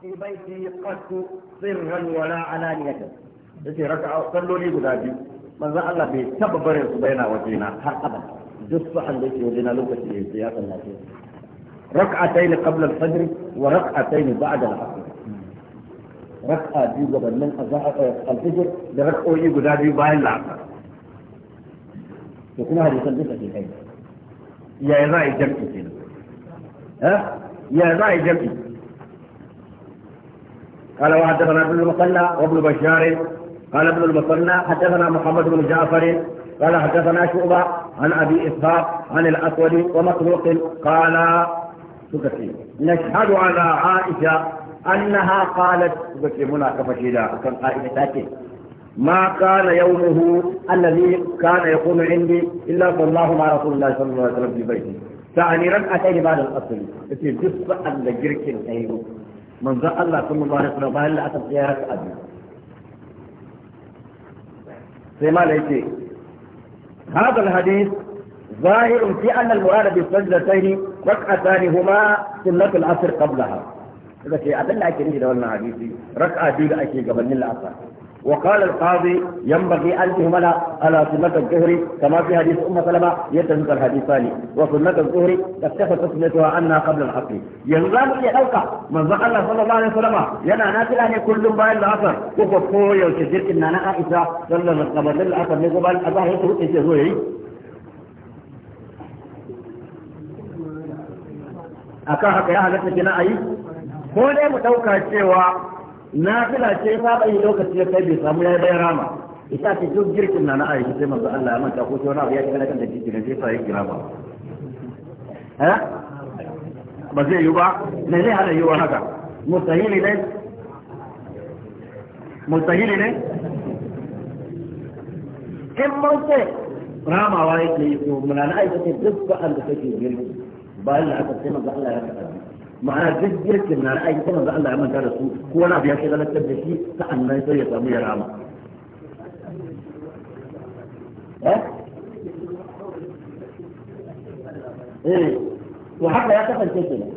في بيتي قد سرا ولا علانية يجي ركعة وصلوا لي قدادي ما زال الله بي تببر بين وجهنا هر أبدا جس صحا ليش وجهنا لوكا في سياسة الناسية ركعتين قبل الفجر وركعتين بعد العصر ركعة دي قبل من آه، الفجر لركعة وي قدادي باين العصر وكنا هذه صندوقة في حين يا إذا إجمتي فينا ها يا إذا إجمتي قال وحدثنا ابن المثنى وابن بشار قال ابن المثنى حدثنا محمد بن جعفر قال حدثنا شعبة عن أبي إسحاق عن الأسود ومخلوق قال سكتي نشهد على عائشة أنها قالت سكتي مناقفة شيدا عائشة ما كان يومه الذي كان يكون عندي إلا صلى الله مع رسول الله صلى الله عليه وسلم في بيتي تعني ركعتين بعد الأصل في جزء عند جرك أيوه من ذا الله صلى الله عليه وسلم باهل لعتب سيارة أبي سيما ليتي هذا الحديث ظاهر في أن المراد بالسجدتين ركعتان هما سنة العصر قبلها إذا كي أبن لك نجد والنا حديثي ركعة دولة لأكي قبل العصر وقال القاضي ينبغي أن تهمل على سنة الظهر كما في حديث أم سلمة يتذكر الحديثان وسنة الظهر تكتفى تسميتها عنها قبل الحق ينظام في حلقة من ذكر الله صلى الله عليه وسلم ينا نافلة أن كل باين العصر وفقه يوشجر إن أنا عائشة صلى الله عليه وسلم من قبل أظهر يسوء إسيزوه akan haka ya halatta kina ayi ko dai na fila ce saba yi lokaci ya kai bai samu ya bai rama ita ce duk girkin na na aiki sai masu Allah ya manta ko wani abu ya shiga kan da jiki ne sai sa ya kira ba eh? ba zai yi ba na zai hana yi wa haka mustahili ne mustahili ne in mun ce ramawa yake yi to mulana aiki ce duk ba'an da take girki ba da aka sai masu Allah ya kasance ma'ana duk girkin na ra'ayi kuma da Allah ya manta da su ko wani abu ya shagalatar da shi sa'an nan sai ya samu ya rama eh to haka ya kasance kenan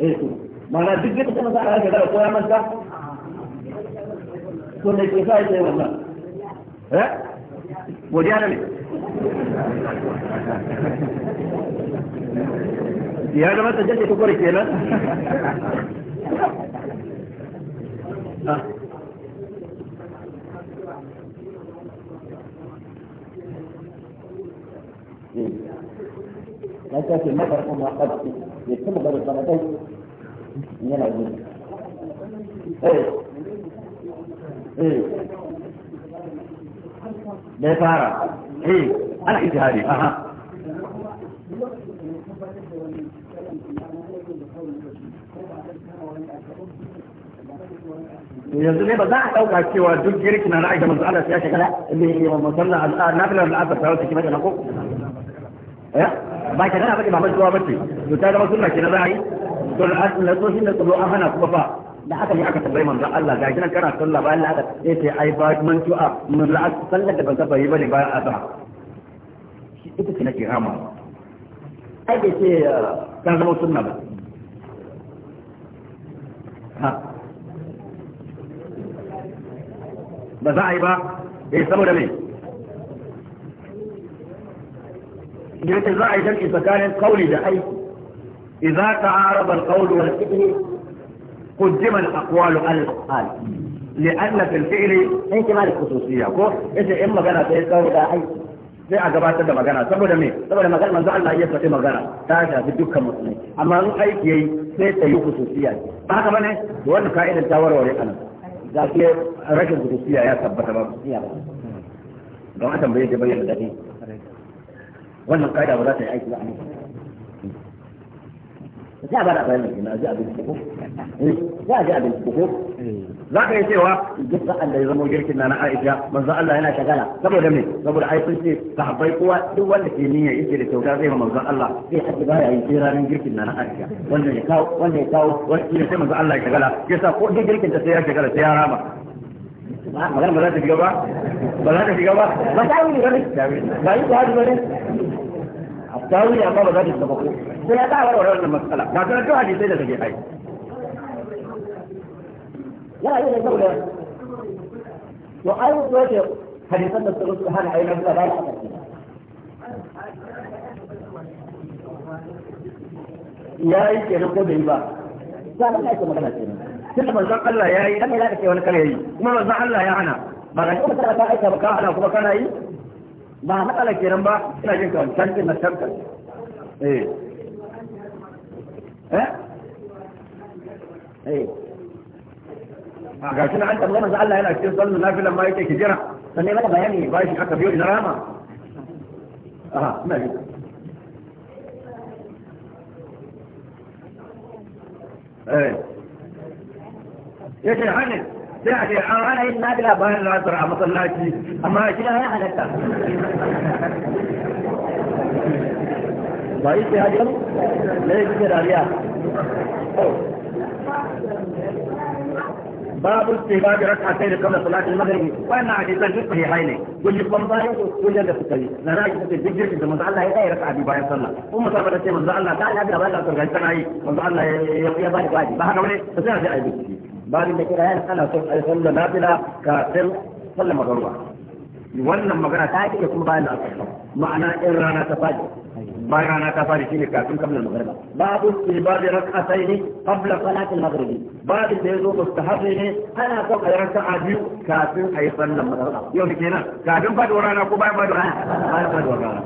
eh to ma'ana duk girkin kuma za a rage da ko ya manta to ne ke sai sai wannan eh wajiyana ne يا جماعة سجلت كبرك كيلا آه. لا تأتي المطر كما قد يتم غير الضربات من العجوز ايه ايه ده فارغ ايه انا اجهادي اها yanzu ne ba za a ɗauka cewa duk girki na ra'ayi da manzo Allah ya shekara ne ne wa musalla al'ada na filan al'ada ta wata kimanta ko eh ba ka dana bace ba manzo ba ce to ta zama sunna kenan ra'ayi to al'ada to shi ne tsoro an hana kuma fa da haka ne aka tambayi manzo Allah ga kinan kana sallah bayan la'ada yace eh, ai ba man tu'a mun la'ada sallar da ban saba yi bane bayan azhar ita ce nake rama ai ce ah, ta zama sunna ba بزعبة يستمر منه يعني إذا تعارض القول والفعل قدم الأقوال على الأقوال لأن في الفعل أنت ما خصوصية إذا إما قنا في القول أي في عقبات تبا قنا سبو دمي سبو دمي من الله يسوى إما قنا تاجع في الدكة مسلم أما أي كي سيتا يو خصوصية ما كمانه دون كائد التاور وريقنا za su yi rashin ya tabbata ba kudusiya ba don a tambaye da bayyana wannan ba za ta yi aiki ba a nan za a ba da eh, a ji abin ko a ji abin ko za ka yi cewa duk sa'an da ya zama girkin na Aisha manzo Allah yana shagala saboda me saboda ai sun ce sahabbai kowa duk wanda ke niyya yake da kyauta zai ma manzo Allah sai haji baya yi sai ranar girkin na Aisha wanda ya kawo wanda ya kawo wani sai manzo Allah ya shagala yasa ko duk girkin ta sai ya shagala sai ya rama magana ba za ta shiga ba ba za ta shiga ba ba ta yi ba ne ba yi ba ba ne a ta yi amma ba za ta shiga ba ko sai ya ta warware wannan matsala ba ta hadisai da take aiki لا يوجد دولة وأيضا توافق هل يسمى الثلث هل عين لا لا ya yi kenan ko bai ba za ka aika magana kenan tunda manzon Allah ya yi kai zaka ce wani kare yi kuma manzon Allah ya hana ba ga kuma ka aika ba ka hana kuma kana yi ba matsala kenan ba ina jin ka wancan din na tantar eh eh ga shi na an tambaye masa Allah yana cikin sallu nafilan ma yake hijira sannan maka bayani ba shi aka biyo ina rama aha ina ji eh yake hanin sai a ce an hana yin nafila bayan lasar a masallaci amma shi na ya halatta ba yi sai hajjar ne yake dariya باب استهباب ركعتين قبل صلاة المغرب وأن عجزا في الصحيحين كل يقوم ظاهر كل يقوم سكري نراك في الفجر إذا مزع الله يدعي ركعة بباية صلى ثم صبر الشيء مزع الله تعالى أبدا بلا ترجع سنعي مزع الله يبالي قادي بحر ولي فسنع جاء بكتي بعد ذكر هذا أنا صلى نافلة كاسل صلى مغربا wannan magana ta ake kuma bayan da aka ma'ana bayan rana ta fara shine kafin kamar magriba babu ibadi rak'atayn qabla salatil maghrib babu da yazo mustahabi ne ana son a raka'a biyu kafin ayi sallar magriba yau kenan kafin fadi rana ko bayan fadi rana bayan fadi rana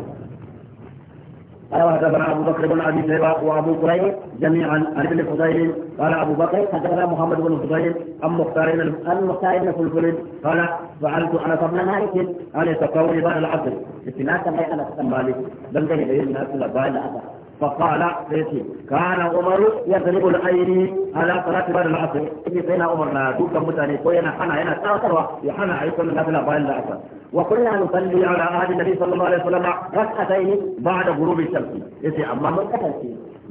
قال وحدثنا ابو بكر بن ابي شيبه وابو كريب جميعا عن ابن فضيل قال أبو بكر حدثنا محمد بن زبير عن مختار عن مختار بن فلفل قال فعلت انا قبل مالك أن يتقول بعد العصر استناسا أي انا قبل مالك بل بين إلى الناس الى بعد العصر فقال ليتي كان عمر يضرب الايدي على صلاة بعد العصر اني بين عمر لا دوكا متاني كوينا حنا هنا تاثر يحنا عيكم النافلة بعد العصر وكنا نصلي على عهد النبي صلى الله عليه وسلم ركعتين بعد غروب الشمس يتي أما من قتل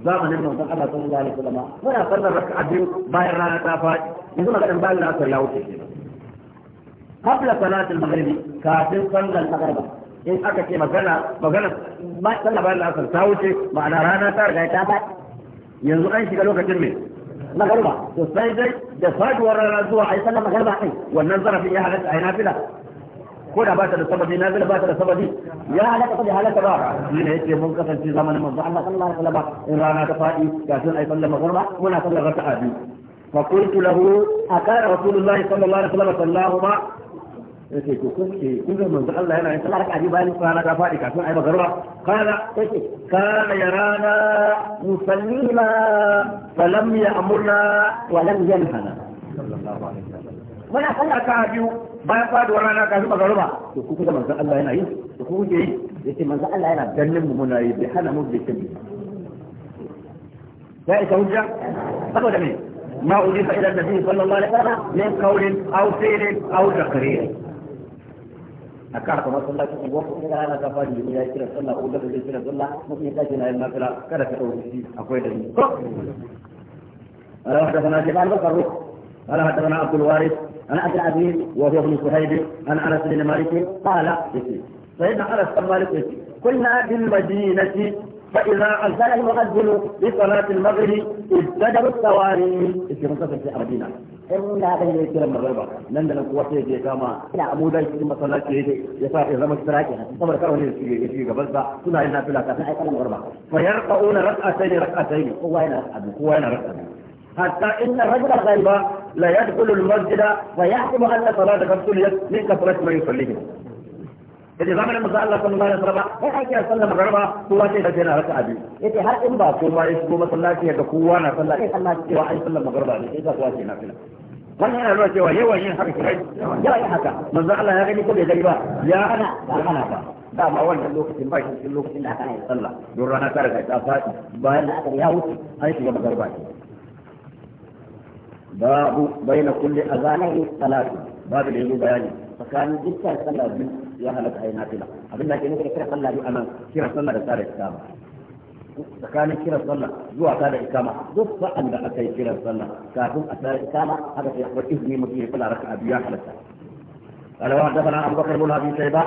zamanin manzon Allah sallallahu alaihi wasallam muna sallar raka'a biyu bayan rana ta faɗi yanzu maganar bayan da ya wuce qabla salat al-maghrib kafin sallar maghrib in aka ce magana magana sallar bayan da ta wuce ma'ana rana ta riga ta faɗi yanzu an shiga lokacin me magharba to sai dai da faduwar rana zuwa ai sallar magharba kai wannan zarafin ya halatta ai nafila ko da ba ta da sababi na ba ta da sababi ya halaka ta da halaka ba ni ne yake mun kasance zamanin manzo Allah sallallahu alaihi wasallam in rana ta fadi kafin ai sallar magriba muna sallar raka'a biyu fa qultu lahu aqara rasulullahi sallallahu alaihi wasallam sallahuma yake to kuke kun ga manzo Allah yana yin sallar raka'a bayan rana ta fadi kafin ai magriba kana yake kana yarana musallina falam ya'murna wa lam yanhana muna sallar raka'a biyu bayan faduwar rana kafin magaruba to ku kuka manzon Allah yana yi to ku kuke yi yace manzon Allah yana ganin mu muna yi bai hana mu da kin ya isa hujja saboda me ma udifa ila nabi sallallahu alaihi wasallam min qawlin aw fi'lin aw taqrir a kara kamar sallah cikin wasu sai da ana ta fadi ya kira sallah ko da zai kira sallah mutum ya tashi na yin makara kada ka dauki shi akwai da ni ko ala hadathana jibal bakar ala hadathana abdul waris عن عبد العزيز وهو ابن صهيب عن انس بن مالك قال سيدنا انس بن مالك كنا في المدينه فإذا ارسل المؤذن لصلاة المغرب ابتدوا الصواريخ في منتصف في أرضنا إلا إن يكون اللي يصير المغرب لن لن قوة يجي كما إلى عمودا يجي مصلاة يجي يصاحب إذا مشتراك طبعا كانوا يجي قبل ذا كنا إلى فلا كافي أي المغرب فيرقعون ركعتين ركعتين هو هنا ركعتين هو هنا ركعتين حتى إن الرجل الغيبة لا يدخل المسجد فيحكم أن صلاة قد من كثرة ما يصليه. إذا ما من مسألة صلى الله عليه وسلم هي إيه حكي صلى الله عليه وسلم قوة تجينا لك أبي. إذا هل إن بعض قوة إسمه مثلا هي قوة نصلى إيه صلى الله عليه وسلم مغربا إذا قوة تجينا فينا. من هنا الوقت وهي وهي حكي حكي. يا يا حكا مسألة يا غني كل غيبة يا أنا يا أنا با. دا ما وان لوك تين باي لوك تين هاي الله. دورنا كارك أساس باي لا تريه هاي تبغى مغربا. باب بين كل أذانه صلاة باب اللي بياني فكان جدا صلى بي يا هلا أي نافلة أبدا كنا كنا صلى بي أمام كنا صلى رسالة السلام tsakanin kiran sallah zuwa ta da ikama duk sa'an da aka yi kiran sallah kafin a tsaya ikama haka sai akwai izini mutum ya kula raka'a biya halatta قال وحدثنا ابو بكر بن ابي شيبه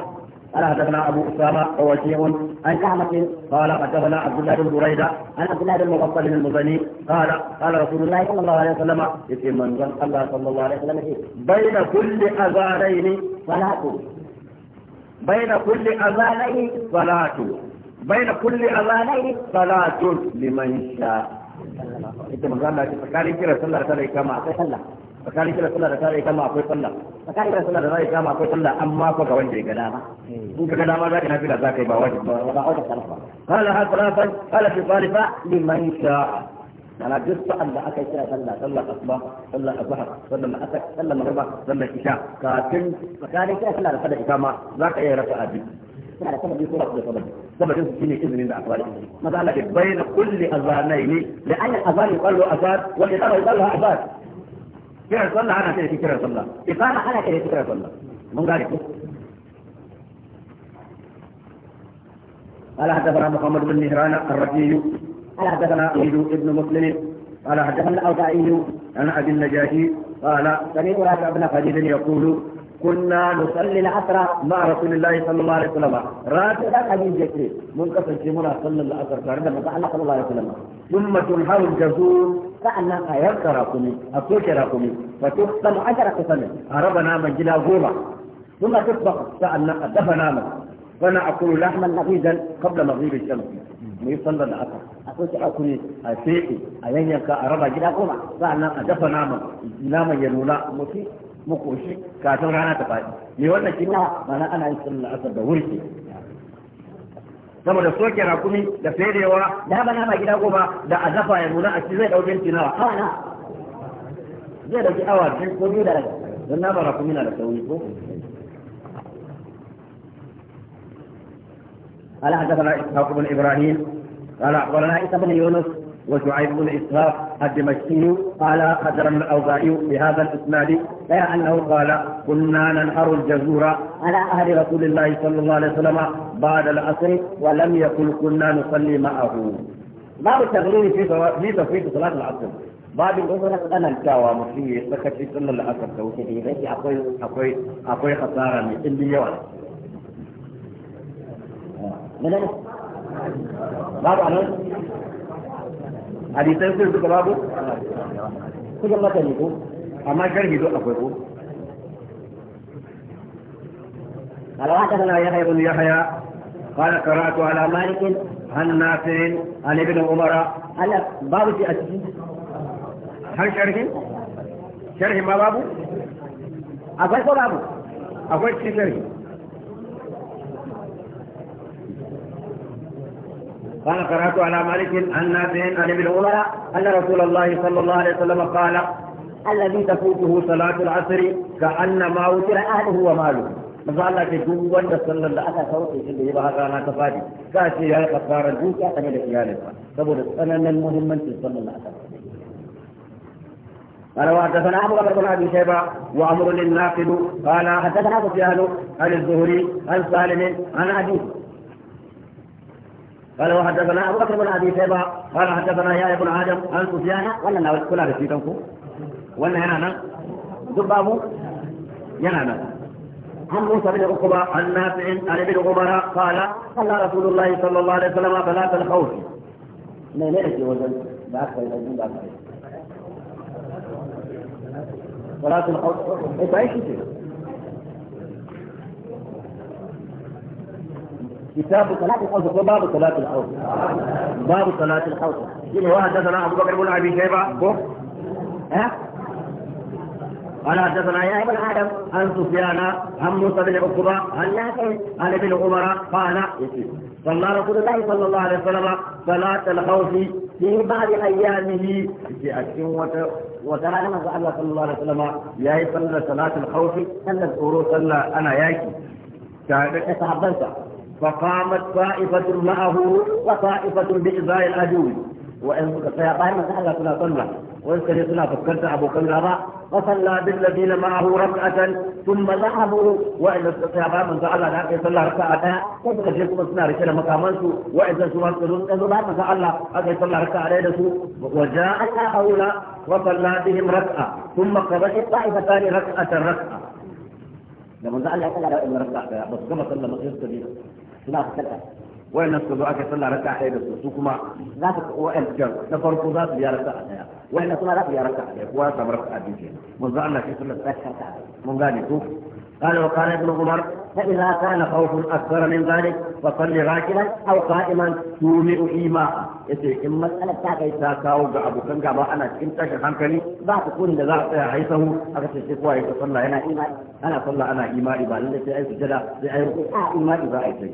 قال حدثنا ابو اسامه ووكيع عن كعمة قال حدثنا عبد الله بن بريده عن عبد الله بن مغفل المزني قال قال رسول الله صلى الله عليه وسلم في من الله صلى الله عليه وسلم بين كل اذانين صلاه بين كل اذانين صلاه بين كل اذانين صلاه لمن شاء. إذا مغفل الله تعالى كما صلى tsakanin kira sallah da tare kama akwai sallah tsakanin kira sallah da tare kama akwai sallah amma ko ga wanda ya ga dama in ka ga dama zaka nafila zaka yi ba wajibi ba ba auka sallah qala hal salatan qala fi talifa liman sha'a ana duk sa'an da aka kira sallah sallah asuba sallah azhar sallah asar sallah magriba sallah isha kafin tsakanin kira sallah da tare kama zaka iya rafa'a biyu suna da sababi ko da sababi sababin su shine izinin da akwai maza Allah ya bayyana kulli azanaini da ayyul azani qallu azan wal iqama qallu azan kiran sallah ana sai kiran sallah iqama ana sai kiran sallah mun gane قال حدثنا محمد بن نهران الرجي قال حدثنا عيد بن مسلم قال حدثنا الاوزاعي عن ابي النجاشي قال سمعت رافع بن خديج يقول كنا نصلي العصر مع رسول الله صلى الله عليه وسلم راجع هذا جكري منقسم في منا صلى العصر كان صلى الله عليه وسلم ثم تنحر الجزور sa'annan a yanka rakumi a soke rakumi wa tuhsanu ajra qisami a raba naman gida goma kuma tusbaq sa'annan a dafa naman wana akulu lahman nabidan qabla maghrib ash-shams mu yi sallar da aka a soke akuni a feke a yanyanka a raba gida goma sa'annan a dafa naman naman ya nuna mutu mu koshi kafin rana ta faɗi me wannan kina mana ana yin sallar asar da wurke saboda soke na rakumi da ferewa da haɓa nama gida goma da azafa ya nuna a ci zai dauke minti nawa ha na zai ɗauki awa biyu ko biyu da raga don nama rakumi na da sauri ko قال حدثنا اسحاق بن ابراهيم قال اخبرنا عيسى بن يونس وشعيب بن اسحاق الدمشقي قال حجر الاوزاعي بهذا الاسناد اي انه قال كنا ننهر الجزور على اهل رسول الله صلى الله عليه وسلم بعد العصر ولم يكن كنا نصلي معه. باب التغرير في تفريط صلاه العصر. babin الاخرى انا tsanantawa mutum سكت في سنه العصر ta غير da ya rage خساره من akwai hasara hadisai sun suka babu suka mata ne ko amma sharhi duk akwai ko قال حدثنا يحيى بن يحيى قال قرات على مالك عن نافع عن ابن عمر على باب في أسجد هل شرح شرح ما بابه babu? بابه أقول شرح قال قرأت على مالك عن نافع عن ابن عمر أن رسول الله صلى الله عليه وسلم قال الذي تفوته صلاة العصر كأنما وتر أهله وماله مثلا Allah ke duk wanda sallar da aka sauke shi da ba rana ta fadi ka ce ya kafara duka game da iyalinsa saboda tsananin muhimmancin sallar da aka قال وحدثنا ابو بكر بن ابي شيبه وعمر الناقد قال حدثنا سفيان عن الزهري عن سالم عن ابي قال وحدثنا ابو بكر بن ابي شيبه قال حدثنا يا ابن ادم عن سفيان ولا لا كلها da ولا ku wannan yana nan duk عن موسى بن عقبة عن نافع عن ابن عمر قال قال رسول الله صلى الله عليه وسلم فلا صلاة لا لا يجي وزن بعد صلاة الخوف إيش إيه، عايش كتاب صلاة الخوف باب صلاة الخوف باب صلاة الخوف شنو حدثنا أبو بكر بن أبي شيبة ها قال حدثنا يا ابن ادم عن سفيان عن موسى بن عقبه عن نافع عن ابن عمر قال صلى رسول الله صلى الله عليه وسلم صلاه الخوف في بعض ايامه في أشهر وترى انا صلى الله عليه وسلم يا صلى صلاه الخوف صلى الظهور صلى انا ياكي تعبت فقامت طائفة معه وطائفة بإزاء العدو وإن سيقاهم من أهل صلى وإن لا فكرت أبو كنا وصلى بالذين معه ركعة ثم ذهبوا وإن سيقاهم من أهل كنا صلى ركعة وإن جيكم سنا ركنا مقامنسوا وإن سوى السلون كذو لا من أهل أكي صلى ركعة ليدسوا وجاء هؤلاء وصلى بهم ركعة ثم قضت ثاني ركعة ركعة لما زعل الله قال إن ركعة بس كما صلى مقيم كبير za ka kada wayannan suka zo aka sallah raka'a ɗaya da su su kuma za ka wa'ancan na farko za su biya raka'a ɗaya wayannan suna za su biya raka'a ɗaya kowa ya samu raka'a biyu kenan mun za Allah ya sallah ta ta mun gane ko قال وقال ابن عمر فإذا كان خوف أكثر من ذلك فصل راكبا أو قائما تومئ إيماء يسير إما مسألة تاكي تاكاو أبو كان أنا كنت شخصا ba ku kun da za a tsaya haisahu aka ce sai kowa ya ta sallah yana imani ana sallah ana imani ba lalle sai ai sujada sai ai ruku a imani za a sai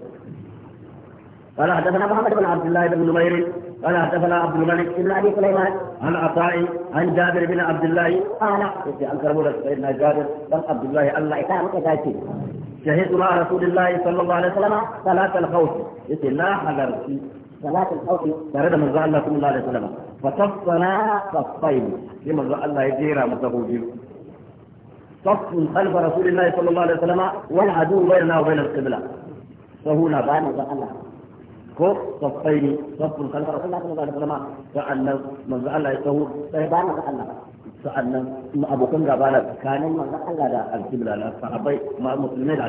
قال حدثنا محمد بن عبد الله بن نمير قال حدثنا عبد الملك بن ابي سليمان عن عطاء عن جابر بن عبد الله قال عن كربوله سيدنا جابر بن عبد الله الله يسامحك يا شهدت مع رسول الله صلى الله عليه وسلم صلاه الخوف يقول لا حذرت صلاه الخوف ترد من الله صلى الله عليه وسلم فتصنا صفين لما الله يجيرا متبوجين صف خلف رسول الله صلى الله عليه وسلم والعدو بيننا وبين القبلة فهنا بان الله كف صفين صف خلف رسول الله صلى الله عليه وسلم فعلنا من الله يسهو فيبان الله sa'annan abokan gaba na tsakanin manzon Allah da لا na sahabbai ma musulmai da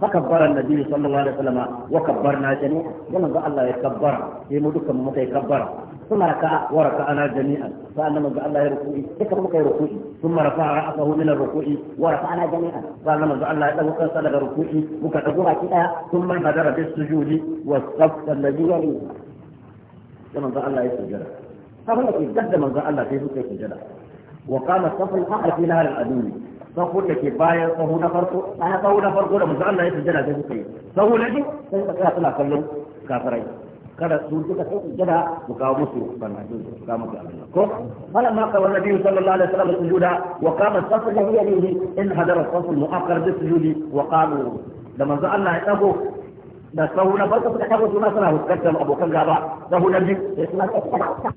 فكبر النبي صلى الله عليه وسلم وكبرنا جميعا ومن الله يكبر مدك متى يكبر ثم ركع وركعنا جميعا فأنا من الله ركوع يكبر متى ركوع ثم رفع رأسه من الركوع ورفعنا جميعا فأنا من الله له كسل الركوع وكبر كده ثم بدر بالسجود والصف الذي يليه ومن الله يسجد فهو يتجدد من الله في سجده وقام الصف الآخر في نهر الأدوية sahun da ke bayan sahu na farko ana sahu na farko da manzo Allah ya sujjada sai suka yi sahu na biyu sai suka tsaya suna kallon kafirai kada su duka sai sujjada ku kawo musu banatu su kawo musu Allah ko falan ma kawar nabi sallallahu alaihi wasallam sujuda wa qama as-safu lahu yalihi in hadara as-safu al-mu'akhkhar bi sujudi wa qalu da manzo Allah ya dago da sahu na farko suka tago suna suna fuskantar abokan gaba sahu na biyu sai suna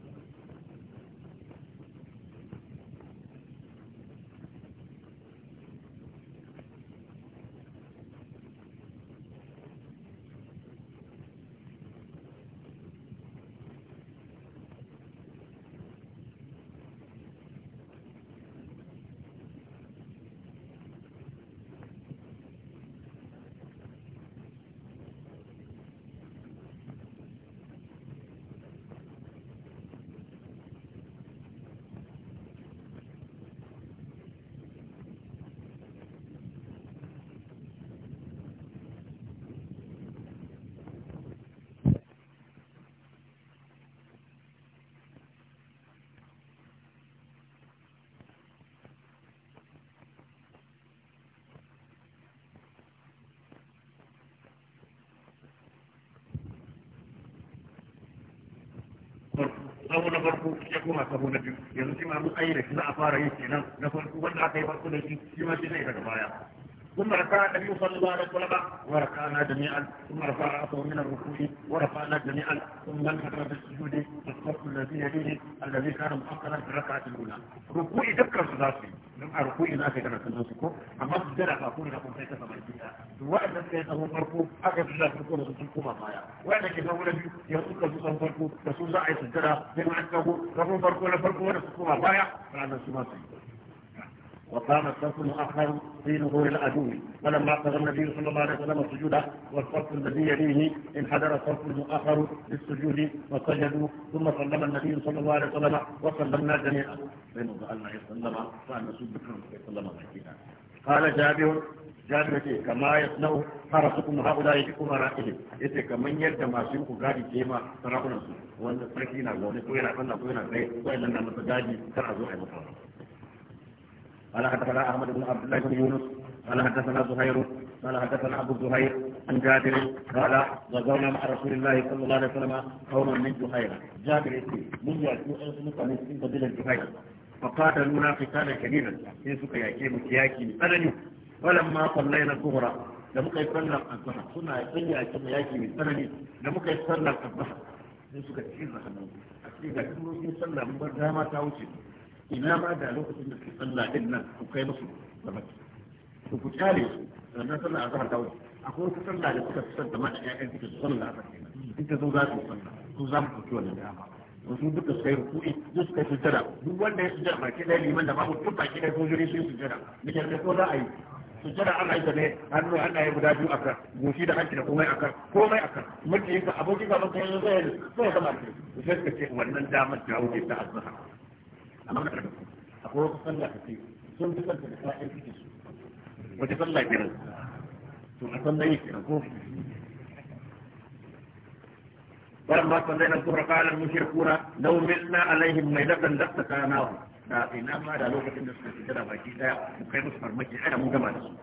farko ya koma sabo na biyu yanzu shi ma mun ayyana shi za a fara yin kenan na farko wanda aka yi farko da shi shi ma shi zai daga baya ثم رفع النبي صلى الله عليه وسلم ورفعنا جميعا ثم رفع رأسه من الركوع ورفعنا جميعا ثم انهض بالسجود والصف الذي يليه الذي كان مؤخرا في الركعه الأولى ركوع ذكر صلاتي لم ركوع لا في كان في النصف اما الدرع فاقول لكم كيف تمشيها واحنا كان مركوب اخذ الله في كل الحكومه معايا واحنا كان اول ابي يقول لك مركوب رسول الله عايز الجرى زي ما انت مركوب ولا مركوب ولا الحكومه معايا فانا سمعت وقام الصف الاخر في ظهور العدو فلما قضى النبي صلى الله عليه وسلم السجود والصف الذي يليه انحدر الصف الاخر للسجود وسجدوا ثم سلم النبي صلى الله عليه وسلم وسلمنا جميعا بين الله عليه وسلم قال جابر zai rage kama ya snau fara su kuma haɗu da yake kuma ra'ayi ya ce kamar yadda masu yi yin gadi da kema sarakunan su wanda sarki na gwani ko yana kanna ko yana kai ko yana na masa gadi kan a zo a yi masa ala hadathana ahmad ibn abdullah ibn yunus ala hadathana zuhairu ala hadathana abu zuhair an jabir qala wa zauna ma rasulillahi sallallahu alaihi wasallam qawman min zuhair jabir yace mun ya ci an sun kamar sun badilan zuhair fa qatalu nafikan kadiran sai suka yake mu yaki mu tsananin ولما صلينا الظهر da muka yi sallar azhar suna sanya a cikin yaki mai tsanani da muka yi sallar azhar sai suka ciza hannu a cikin ga duk lokacin sallah mun bar dama ta wuce ina ma da lokacin da suke sallah din nan ku kai musu sabaki ku ku kyale su sannan sallar azhar ta wuce akwai wata sallah da suka fitar da mata ƴaƴan suke su sallar azhar kenan ita zo za su sallah su za mu ɗauki wannan dama wasu duka suka yi rukui duk suka yi sujjada duk wanda ya sujjada baki ɗaya liman da babu duk baki ɗaya sojojin sun sujjada da kyar ko za a yi sujjada ana yi ne hannu ana yi guda biyu akan goshi da hanci da komai akan komai akan mulkin ka abokin gaban ka yanzu zai zai zama ce sai ka ce wannan damar ta wuce ta azzaha amma na karfi akwai wasu sallah ka ce sun fi sallah da sa'in suke su wata sallah kenan to a sallah yake ko فلما صلينا الظهر قال المشركون لو ملنا عليهم ليلة لاتقيناهم da ina ma da lokacin da suka fita da baki daya ku kai musu farmaki ana mun gama da su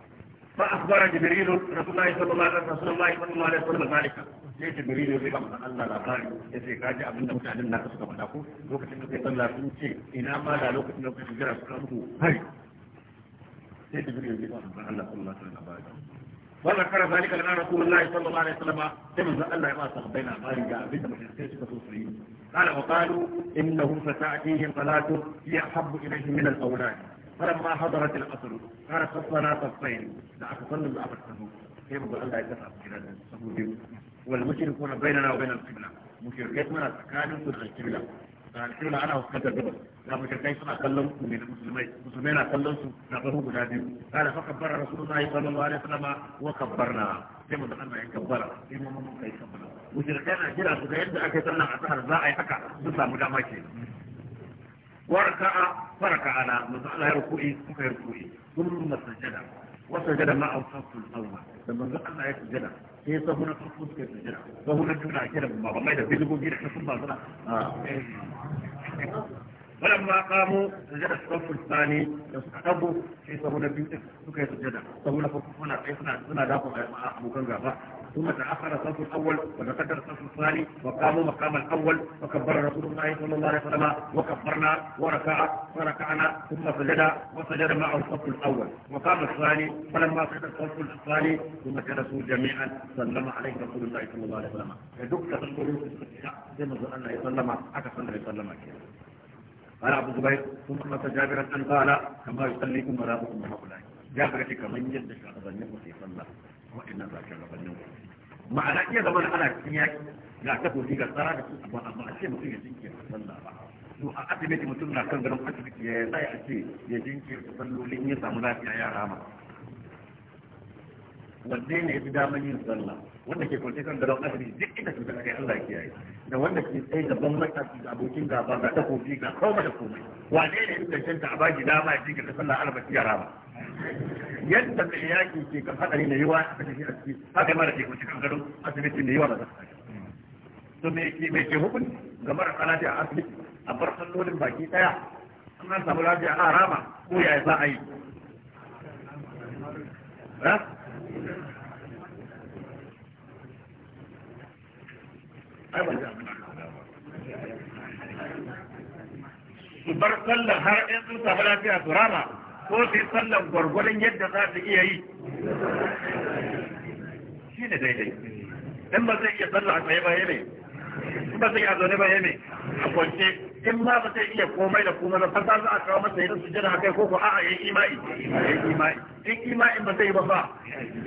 fa akhbara jibril rasulullahi sallallahu alaihi wasallam alaihi wasallam zalika sai jibril ya ba Allah labari yace ka ji abinda mutanen naka suka faɗa ko lokacin da kai sallah sun ce ina ma da lokacin da kuka jira suka mutu sai jibril ya ba Allah sallallahu alaihi wasallam وذكر ذلك لنا رسول الله صلى الله عليه وسلم كما قال الله ما بين أعمال جاء بنت تصريم قال وقالوا إنه ستأتيهم صلاة هي أحب إليهم من الأولاد فلما حضرت العصر قال صفنا صفين لا أتصلوا لا أتصلوا كيف قال الله يتفعل كذا والمشركون بيننا وبين القبلة مشركتنا كانوا في القبلة kila ana hukuntar gabas na mushrikai suna kallon su ne da musulmai musulmai na kallon su na bahu guda biyu kana fa kabbara rasulullahi sallallahu alaihi wasallam wa kabbarna sai mu Allah ya kabbara sai mu mun kai kabbara mushrikai na jira su ga yadda ake sallan asar za a yi haka su samu dama ke warka'a faraka ana manzo Allah ya ruku'i suka yi ruku'i sun masajada wasajada ma'a fasul awwal da manzo Allah ya sujada sai sahunan su suke jira kiran ba ba mai da bidigogi da kasan ba suna فلما قاموا سجد الصف الثاني استقبوا في صهون بيوتك سكي سجد صهون فكفنا إحنا سنا داكم أبو كان غابا ثم تأخر الصف الأول وتقدر الصف الثاني وقاموا مقام الأول وكبر رسول الله صلى الله عليه وسلم وكبرنا وركع فركعنا ثم سجد وسجد معه الصف الأول وقام الثاني فلما سجد الصف الثاني ثم جلسوا جميعا سلم عليه رسول الله صلى الله عليه وسلم يدك تشكروا في زي ما أن يسلم حتى سلم يسلم كذا قال ابو زبير ثم مات جابرا أن قال كما يصليكم ملابكم هؤلاء جابر كمن يد شعبان يمسي صلى وإن ذاك شعبان يمسي معنى كي زمان انا كياك لا تقول في الصلاة ابو أبو اشي مسيح جنكي صلى to a asibiti mutum na kan garin asibiti ya tsaya a ce ya jinkirta sallolin ya samu lafiya ya wanne ne ya fi daman yin sallah wanda ke kwanci kan gadon asiri duk inda cutar kai Allah ke yi da wanda ke tsaye da ban su da abokin gaba ga ta kofi ga koma da komai wane ne ya cancanta a baki dama ya jika ta sallah albashi ya rama yadda mai yaki ke kan hadari na yiwa a cikin asiri haka mara ke kwanci kan gado asibiti na yiwa ba za su to me ke me ke hukunci ga mara salati a asibiti a bar sallolin baki daya an samu lafiya a rama ko yaya za a yi su bar sallar har in sun samu lafiya su rama ko su yi sallar gwargwadon yadda za su iya yi shi ne daidai in ba zai iya sallar a tsaye ba ya ne in ba zai iya zaune ba ya ne a kwance in ba ba zai iya komai da komai ba fata za a kawo masa irin sujjada kai ko ko a'a yayi imani yayi imani in imani ba zai ba ba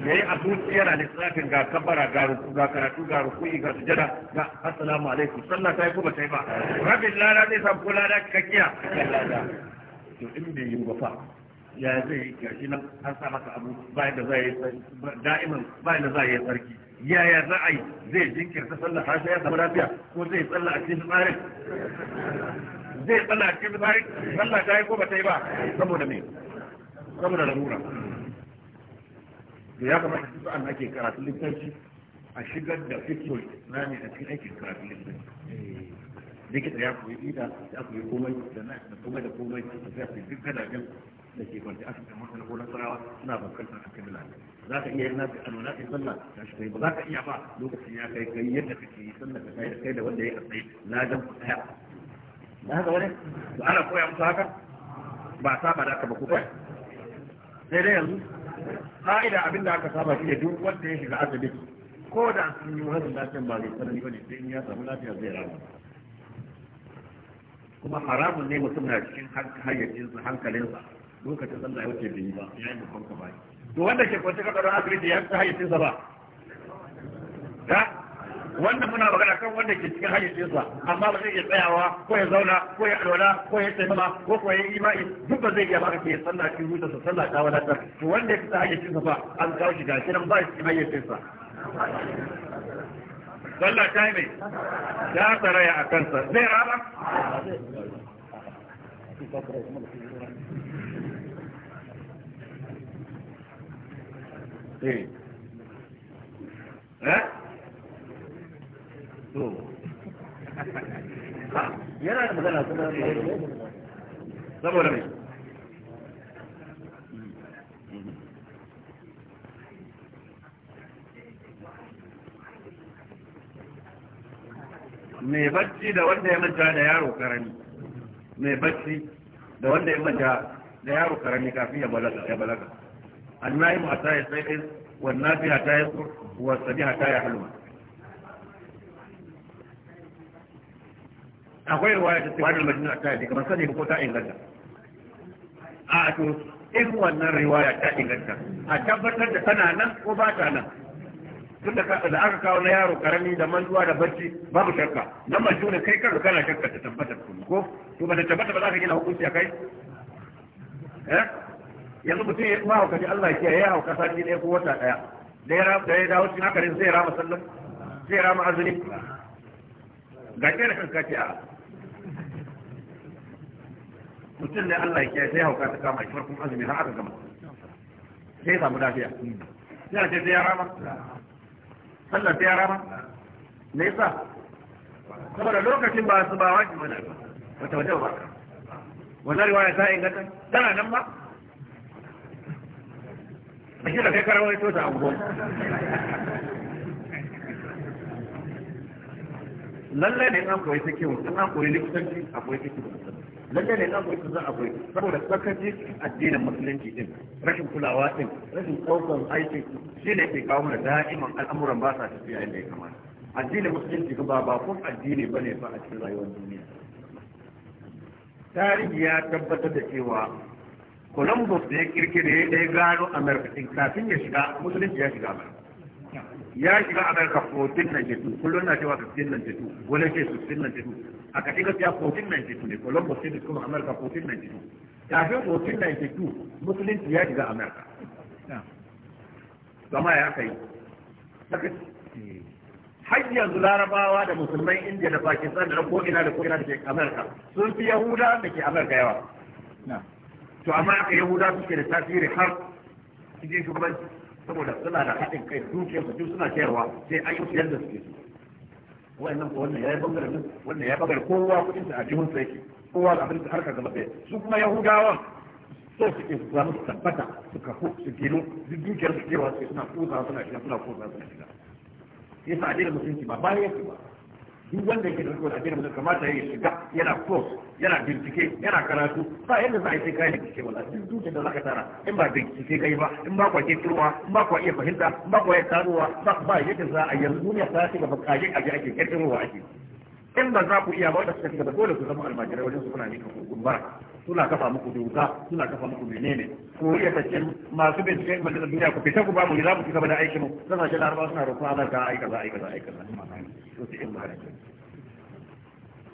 yayi a zuciya da lissafin ga kabara ga ruku ga karatu ga ruku ga sujjada ga assalamu alaikum sallah ta yi ko ba ta yi ba rabbil lala zai kula lala kakkiya to in bai yi ba fa ya zai shi nan an sa maka abu bai da zai da'iman bai da zai yi sarki yaya za a yi zai jinkirta sallah har ya samu lafiya ko zai tsalla a cikin tsarin zai tsalla a cikin tsarin sallah ta yi ko ba ta yi ba saboda me saboda Lamura. to ya kamata su an ake karatu littafi a shigar da na ne a cikin aikin karatu littafi likita ya koyi ida ya koyi komai da komai da komai da duk gadajen da ke kwanci aka samu na ko nasarawa suna fuskantar alƙibla za ka iya kai sallah ba za ka iya ba lokacin ya kai kai yadda kake yi sallah ka kai da kai da wanda ya kasai daya da haka wani ana koya musu haka ba saba da ba sai dai yanzu abinda aka saba shi ne duk wanda ya shiga asibiti ko da sun yi wani lafiyan ba zai ba ne sai in ya samu lafiya zai rama kuma haramun ne mutum na cikin hayyacinsa hankalinsa lokacin sallah ya wuce bai yi ba ya yi babban ka bai to wanda ke kwanci kaɗa don asibiti ya ta hayyacinsa ba wanda muna magana kan wanda ke cikin hayyacinsa amma ba zai iya tsayawa ko ya zauna ko ya alwala ko ya taimama ko ko ya imani duk ba zai iya ba ka ke sallah cikin zuciyarsa sallah ta wadatar to wanda ya fita hayyacinsa ba an kawo shi gashi nan ba shi cikin hayyacinsa sallah ta yi mai ta tsaraya a kansa zai rama Eh? Eh? yana da bacci da wanda ya manta da yaro karami mai bacci da wanda ya manta da yaro karami kafin ya balaga النائم حتى يستيقظ والنافي حتى يصبح والسبيح حتى يحلم akwai ruwaya ta cewa wannan majnun ta yi kamar sani ko ta inganta a to in wannan riwaya ta inganta a tabbatar da tana nan ko ba ta nan tun da da aka kawo na yaro karami da mantuwa da barci babu shakka nan ne kai kanka kana shakka ta tabbatar ko to ba ta tabbata ba za ka gina hukunci a kai eh yanzu mutum ya kuma haukaci Allah ya kiyaye hauka sati ɗaya ko wata ɗaya da ya da ya dawo cikin hakarin zai rama sallam zai rama azumi ga ke da kanka ce a mutum ne Allah ya kiyaye sai hauka ta kama shi farkon azumi har aka gama sai samu lafiya sai a ce sai ya rama sallar sai ya rama me yasa saboda lokacin ba su ba wajibi ne wata wajen ba wannan riwaya ta inganta tana nan ba da kai karawar to a abubuwan lallai ne an koyi take wasu an koyi likitanci a koyi take wasu lallai ne an koyi su zan akwai saboda sakaci addinin musulunci din rashin kulawa din rashin ɗaukar aikin shi ne ke kawo mana da'iman al'amuran ba sa tafiya yadda ya kamata addinin musulunci ba ba kun addini bane ba a cikin rayuwar duniya tarihi ya tabbatar da cewa Columbus da ya kirkire da ya gano America ɗin kafin ya shiga musulunci ya shiga ba. ya shiga America 1492 kullum na cewa 1592 gole ce 1692 a katika ya 1492 ne Columbus ya kuma America 1492 kafin 1492 musulunci ya shiga America zama ya kai har yanzu larabawa da musulman indiya da pakistan da ko ko'ina da ko'ina da ke amurka sun fi yahuda da ke amurka yawa to amma aka yahuda suke da tasiri har cikin shugabanci saboda suna da haɗin kai duke su suna cewa sai an yi yadda suke su wannan ko wannan yayi bangare din wannan ya bangar kowa kudin sa a jihun sa yake kowa da abin harka gaba ɗaya su kuma yahudawa so suke su zama su tabbata su kafu su gino duk dukiyar su cewa sai suna kusa suna shiga suna kusa suna shiga yasa addinin musulunci ba bayan yake ba duk wanda yake da rikon addinin musulunci kamata ya shiga yana course yana bincike yana karatu ba yadda za a yi sai kayan bincike wala duk dukiyar da zaka tara in ba bincike kai ba in ba kwa ke kirwa in ba kwa iya fahimta in ba kwa iya taruwa ba yadda za a yanzu duniya ta ce gaba kaje aje ake kirkirowa ake in ba za ku iya ba wadda suka ci gaba dole su zama almajirai wajen su kuna ne nika gumbara suna kafa muku doka suna kafa muku menene ko iya tace masu bincike ba da duniya ku fita ku ba mu za mu ci gaba da aikin mu zan ce larabawa suna roƙon Allah ka aika za aika za aika za to sai in ba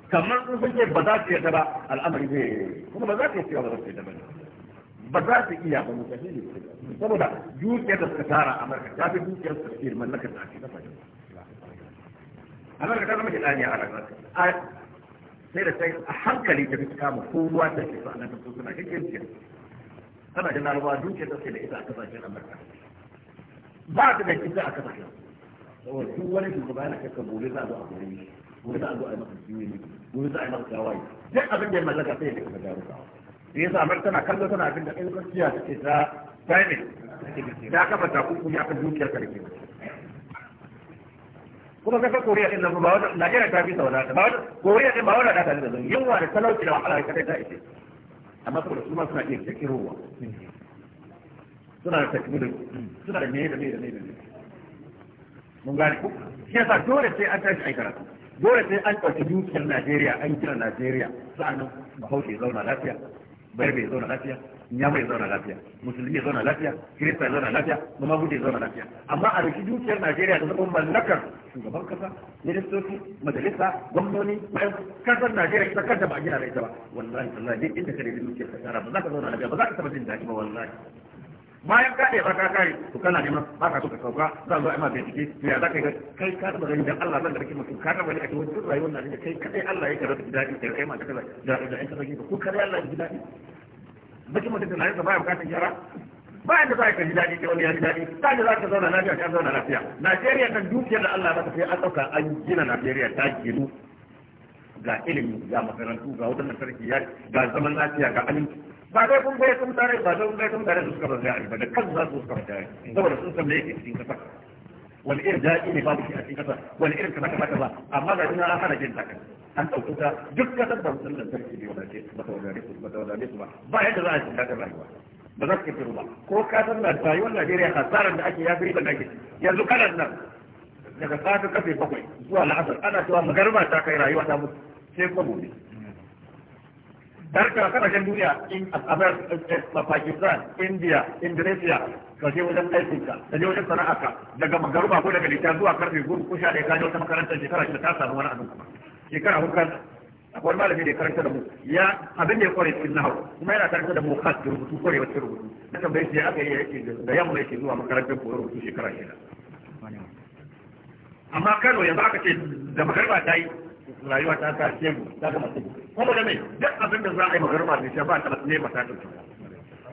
kamar sun sun ce ba za su yadda ba al'amari zai kuma ba za su yadda ba za su yadda ba ba za su iya ba mutashi ne saboda dukiyar da suka tara a amurka ta fi dukiyar su ke mallakar da ake na fahimta amurka ta zama ke ɗani a alaƙa sai da sai a hankali ta fi kama kowa ta ke nan ta suna kankan dukiyar tana da larabawa dukiyar da suke da ita a kasashen amurka ba ta da ita a kasashen saboda duk wani shugaba yana kakka bole za a zo a shi gobe za a zo a yi maka gobe za a yi maka duk abin da ya mallaka sai ya tana kallo tana abin da gaskiya take ta timing da kafa dukiyar kuma koriya din ba wata najeriya ta fi ba wata koriya din ba wata da ne da zan da talauci da wahala kadai ta amma su ma suna iya suna da suna da me da me da me da me mun gani ku shi yasa dole sai an tashi ai karatu dole sai an ɗauki dukiyar Najeriya an kira Najeriya sa'an Bahaushe ya zauna lafiya bai zauna lafiya Nyamai zauna lafiya Musulmi ya zauna lafiya Kirista ya zauna lafiya Mama Bude zauna lafiya amma a ɗauki dukiyar Najeriya da zaɓen mallakar shugaban kasa ministoci majalisa gwamnoni bayan kasar Najeriya ita kanta ba a gina da ita ba wallahi wallahi duk inda ka da dukiyar ka tara ba za ka zauna lafiya ba za ka taɓa jin daɗi ba wallahi bayan ka ɗaya ka kare to kana neman ba ka so ka sauka za zo ai ma bincike to ya za ka kai ka taɓa ganin dan Allah zan da kake mutum ka taɓa ne a cikin wani rayuwar nan da kai kadai Allah ya karanta gidaɗi kai kai ma ka kaza da da ai kaza ko kadai Allah ya gidaɗi bakin mutum na yasa baya bukatar gyara bayan da za ka ji daɗi kai wani ya ji daɗi ta ne za ka zauna lafiya ta zauna lafiya Najeriya kan dukiyar da Allah maka sai an ɗauka an gina Najeriya ta ginu ga ilimi ga makarantu ga wutar lantarki ga zaman lafiya ga aminci ba dai kun bai kun tare ba dai kun bai kun tare da suka bazai ba da kan za su suka bazai saboda sun san me yake cikin kasa wani irin daɗi ne babu shi a cikin kasa wani irin kamar kamar ba amma ga ina hana jin haka an ɗaukuta ta duk kasar da mutum lantarki ne wanda ce ba ta wadare su ba ta wadare su ba ba yadda za a shiga ta rayuwa ba za su ke ba ko kasar na rayuwar Najeriya hasaran da ake ya fi ba nake yanzu kanan nan daga safe kafe bakwai zuwa la'asar ana cewa magarba ta kai rayuwa ta mutu sai kuma gobe a kasashen duniya in eh, eh, Pakistan, India, Indonesia, kaje wajen aikinka, kaje wajen ka daga magaruba ko daga lita zuwa karfe goma ko sha ɗaya kaje wata makaranta shekara shida ta samu wani abin kuma. Shekara hukar akwai malami da karanta da mu ya abin da ya kware cikin nahawu kuma yana karanta da mu khas da rubutu kware wacce rubutu na tambayi shi aka yi yake da yamma yake zuwa makarantar koyar rubutu shekara shida amma Kano yanzu aka ce da magarba ta yi rayuwa ta ta ce mu ta ta ce kuma da mai duk abin da za a yi magana ba ne ba ta ne ba ta ta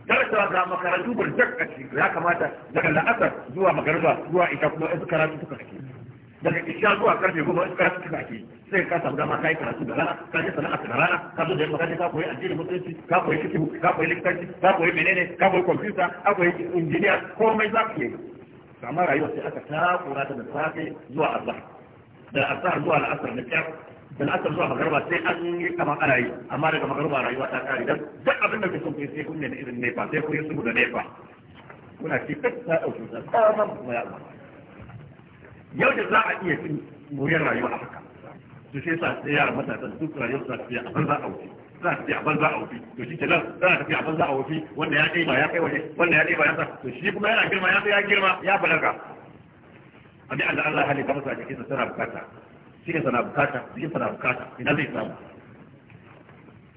karkawa ga makarantu burjak a ciki ya kamata daga la'asar zuwa magarba zuwa ita kuma in karatu suka kake daga isha zuwa karfe goma in karatu suka kake sai ka samu dama kai karatu da rana ka je sana'a da rana ka zo da yamma ka koyi addini mutunci ka koyi fiqh ka koyi likitanci ka koyi menene ka koyi computer ka koyi engineer komai za ka yi amma rayuwa sai aka kura ta da safe zuwa azhar da azhar zuwa al'asar da kyar dan aka zuwa magarba sai an yi kama ana yi amma daga magarba rayuwa ta kare dan duk abin da kuka sai kun ne irin nefa sai kun yi su da nefa kuna ci ta dauki ta tsaman kuma ya Allah yau da za a iya cin muriyar rayuwa a haka su sai sa sai yara matasan duk rayuwar su ta a banza a wuce za a tafi a banza a wufi to shi ke nan za a tafi a banza a wufi wanda ya ba ya kai waje wanda ya ba ya sa to shi kuma yana girma ya ya girma ya balaga abin da Allah halitta masa a jikinsa tana bukata cikin sana bukata cikin sana bukata ina zai samu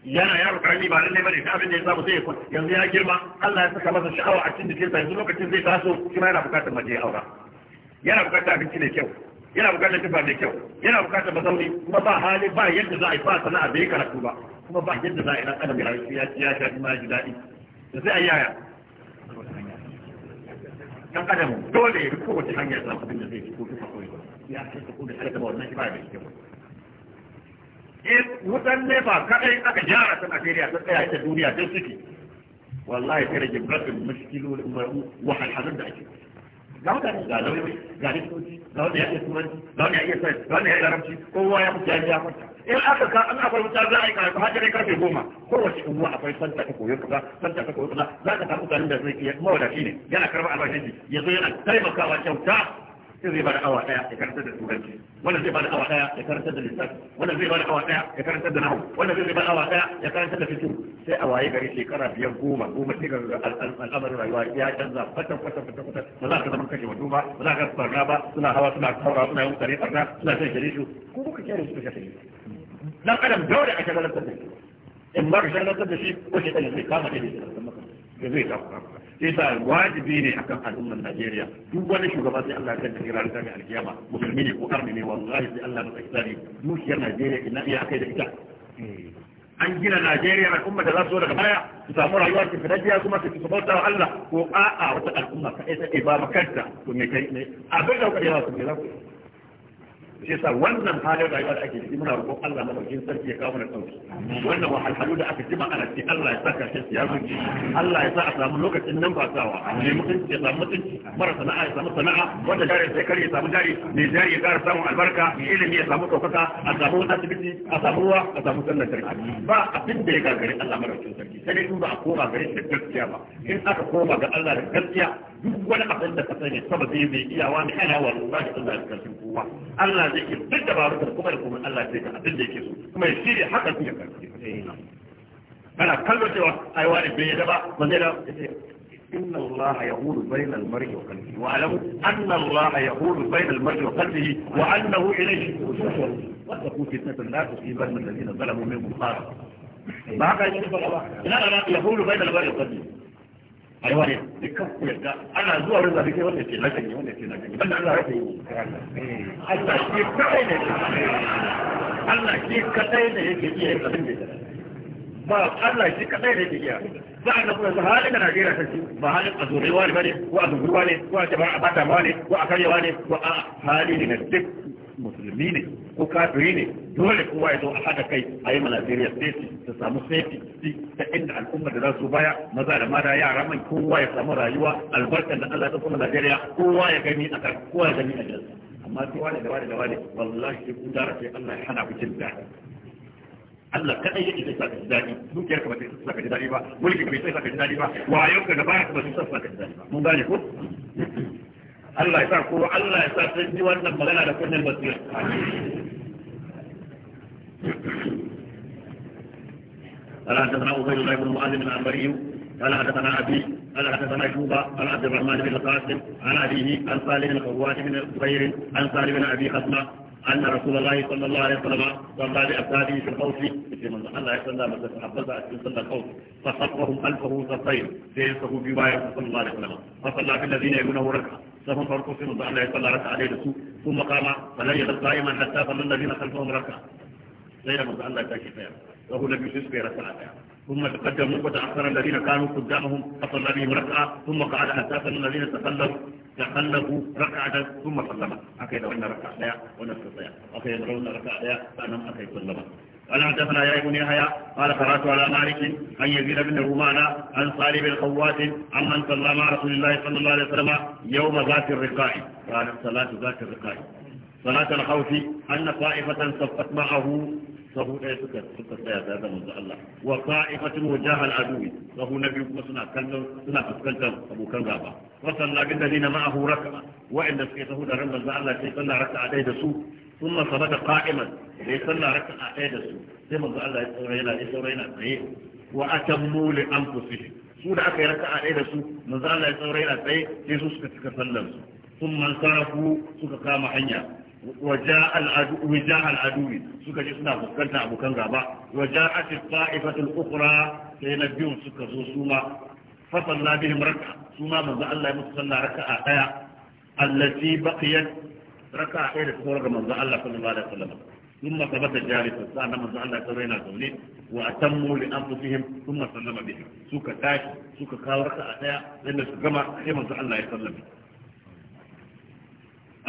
yana yaro karami ba lalle bane da abin da ya samu sai ya yanzu ya girma Allah ya saka masa sha'awa a cikin jikinsa yanzu lokacin zai taso kuma yana bukatar mace ya aura yana bukatar abinci mai kyau yana bukatar tufa mai kyau yana bukatar mazauni kuma ba hali ba yadda za a yi ba sana'a bai karatu ba kuma ba yadda za a yi ran adam ya ya ya shafi ma ji daɗi da sai a yaya dan adam dole ya kowace hanya ta abin da zai ci ko tufa ya ce ta kudi aka wannan shi ba da hikima eh wutan ne ba kadai aka gyara ta Najeriya ta tsaya ta duniya ta ciki wallahi sai rage bakin mushkilolin wahalhalun da ake ga mutane ga lauyoyi ga likitoci ga wanda ya iya turanci ga wanda ya iya ga wanda ya iya kowa ya mutu ya kwanta in aka ka an akwai wuta za a yi karatu har karfe goma kowace unguwa akwai santa ka koyo kaza santa ka koyo kaza za ka samu garin da zai iya mawadaci ne yana karɓar albashin ya zo yana taimakawa kyauta sai zai bada awa daya ya karanta da turanci wannan zai bada awa daya ya karanta da lissafi wannan zai bada awa daya ya karanta da nahu wannan zai bada awa daya ya karanta da fitu sai a waye gari shekara biyar goma goma sai ga al'amarin rayuwa ya canza fata fata fata fata ba za ka zama kashe wato ba ba za ka barna ba suna hawa suna kaura suna yin tsare barna suna shan shirisu ko kuka kyale su kashe shi dan adam dole a shagalar da shi in ba ka shagalar da shi ko shi ne sai kama da shi da zai ta yasa wajibi ne akan al'ummar Najeriya duk wani shugaba sai Allah ya kaddara ran ga alkiyama musulmi ne ko arni ne wallahi sai Allah ya kaddara dukiyar Najeriya ina iya kai da ita an gina Najeriya al'umma da za su zo daga baya su samu rayuwa ta fidadiya kuma su ci bauta wa Allah ko a'a wata al'umma ka ita ba makanta to me kai ne abin da kuka yi za ku shi yasa wannan halin rayuwa da ake ciki muna roƙon Allah madaukakin sarki ya kawo mana sauki wannan wahalhalu da aka jima ana ci Allah ya sa kashe ya zuci Allah ya sa a samu lokacin nan ba sawa mai mutunci ya samu mutunci mara sana'a ya samu sana'a wanda jari sai kare ya samu jari mai jari ya ƙara samun albarka ilimi ya samu ɗaukaka a samu asibiti a samu ruwa a samu sannan sarki ba abin da ya gagare Allah madaukakin sarki sai dai in ba a koma gare shi da gaskiya ba in aka koma ga Allah da gaskiya duk wani abin da ka sani saboda zai iyawa ne ana wallahi Allah ya karfin kowa Allah kuma إن الله يقول بين المرء وقلبه واعلموا أن الله يقول بين المرء وقلبه وأنه إليه واتقوا فتنة لا تصيبن الذين ظلموا منكم خاصة ما كان يقول بين المرء وقلبه ai wane dukkan ku yadda ana zuwa wurin zabi kai wanda ke na ganye wanda ke na ganye banda Allah ya yi Allah shi kadai ne Allah shi kadai ne yake iya yin abin da ya ba Allah shi kadai ne yake iya za a kuma yanzu halin da Najeriya ta ci ba halin a zurewa ne bane ko a zungurwa ne ko a jama'a bata ba ne ko a karyewa ne ko a hali ne na duk musulmi ne ko kafiri ne dole kowa ya zo a haɗa kai a yi malaria safety ta samu safety ta inda al'ummar da za su baya maza da mata yara mai kowa ya samu rayuwa albarkar da Allah ta kuma Najeriya kowa ya gani a kan kowa ya gani a gidansa amma sai wani da wani da wani wallahi sai kun dara sai Allah ya hana ku jin daɗi Allah kadai yake sai saka daɗi dukiyar ka ba sai saka daɗi ba mulki ka bai sai saka daɗi ba wayo ka da baya ka ba sai saka daɗi ba mun gane ko Allah ya sa ko Allah ya sa sun ji wannan magana da kunnen basira قال حدثنا عبيد الله بن معاذ بن العنبري قال حدثنا ابي قال حدثنا شوبه عن عبد الرحمن بن القاسم عن ابيه عن صالح بن خوات بن زبير عن صالح بن ابي حسنه أن رسول الله صلى الله عليه وسلم صلى لأبناده في الخوف في من الله يصلى مثل تحفظ في صلى الخوف فصفهم ألفه صفين في بواية صلى الله عليه وسلم فصلى في الذين يبونه ركعة سهم فرقوا في من الله صلى ركعة عليه وسلم ثم قام فلن يزل قائما حتى صلى الذين خلفهم ركعة غير من الله تاكي فيها وهو لم يجلس في ركعة ثم تقدموا وتأخر الذين كانوا قدامهم فصلى بهم ركعة ثم قعد حتى صلى الذين تخلوا تقلبوا ركعة ثم سلم أكيد وأن ركعة لا وأن استطيع أكيد وأن ركعة لا فأنم أكيد سلم قال حدثنا يا ابن يحيى قال قرات على مالك ان يزيد بن رومان عن صالب الخوات عمن صلى مع رسول الله صلى الله عليه وسلم يوم ذات الرقاع قال صلاه ذات الرقاع صلاة الخوف أن طائفة صفت معه sahu ɗaya suka suka tsaya da manzo Allah wa qa'ifatun wajahal adwi sahu na biyu kuma suna kallon suna fuskantar abokan gaba wa sallabi dalina ma'ahu raka'a wa inda suke sahu da ran manzo Allah sai sallah raka'a ɗaya da su thumma sabata qa'iman sai sallah raka'a ɗaya da su sai manzo Allah ya tsora yana ya tsora yana tsaye wa atammu li anfusihim su da aka yi raka'a ɗaya da su manzo Allah ya tsora yana tsaye sai su suka cika sallar su thumma sarafu suka kama hanya وجاء العدو وجاء العدو suka je suna fuskantar abokan gaba وجاءت الطائفة الأخرى سينبيهم suka zo suma فصلى بهم ركعة سما من الله مصلى ركعة آية التي بقيت ركعة آية تقول من الله صلى الله عليه وسلم ثم ثبت جالسا سأنا من الله ترينا زولين وأتموا لأنفسهم ثم سلم بهم سوك تاش سوك كاو ركعة آية لأن سجمع كما الله يسلم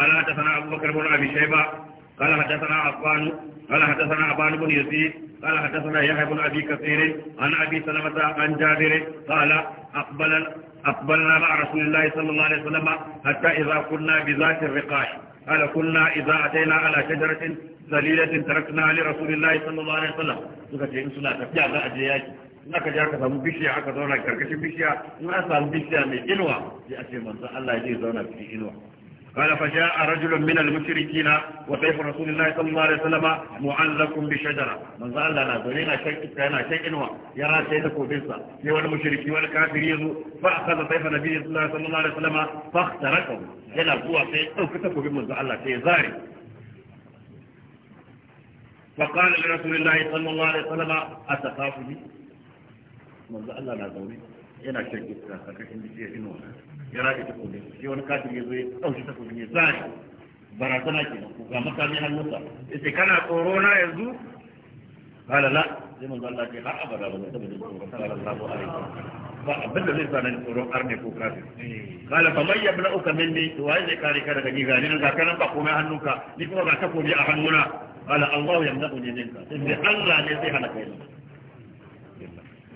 قال حدثنا أبو بكر بن أبي شيبة قال حدثنا عفان قال حدثنا عفان بن يزيد قال حدثنا يحيى بن أبي كثير عن أبي سلمة عن جابر قال أقبل أقبلنا مع رسول الله صلى الله عليه وسلم حتى إذا كنا بذات الرقاش قال كنا إذا أتينا على شجرة ذليلة تركنا لرسول الله صلى الله عليه وسلم سكتي إن سنة تفجع ذا أجياك naka ja ka samu bishiya aka zauna karkashin bishiya in an samu bishiya mai inuwa sai a ce manzo Allah ya zauna cikin inuwa قال فجاء رجل من المشركين وسيف رسول الله صلى الله عليه وسلم معلق بشجره من قال لنا زرينا شيء كان شيء نوع يرى شيء كوبنسا في المشرك والكافر يزو فاخذ سيف النبي صلى الله عليه صلى الله عليه وسلم فاخترقه yana zuwa sai ɗauki takobin manzo Allah sai zare fa qala li rasulillahi sallallahu alaihi wasallam ataqafuni manzo Allah na zaune yana kyan iska tsakashin jiki ya fi nuna ya rage ta kone shi wani kafin ya zai ɗauki ta kone zai barazana ke nan ga mutane hannunsa ya ce kana tsoro na yanzu kala la zai manzo Allah ce har abada ba zai tabbata tsoro kala la ba a ba abin da zai sa nan tsoron arne ko kafin kala ba mai yabla uka min ne to wai zai kare ka daga gizani nan ga kanan ba komai hannunka ni kuma ga ta kone a hannuna kala Allah ya mnabu ne ninka sai Allah ne zai halaka yanzu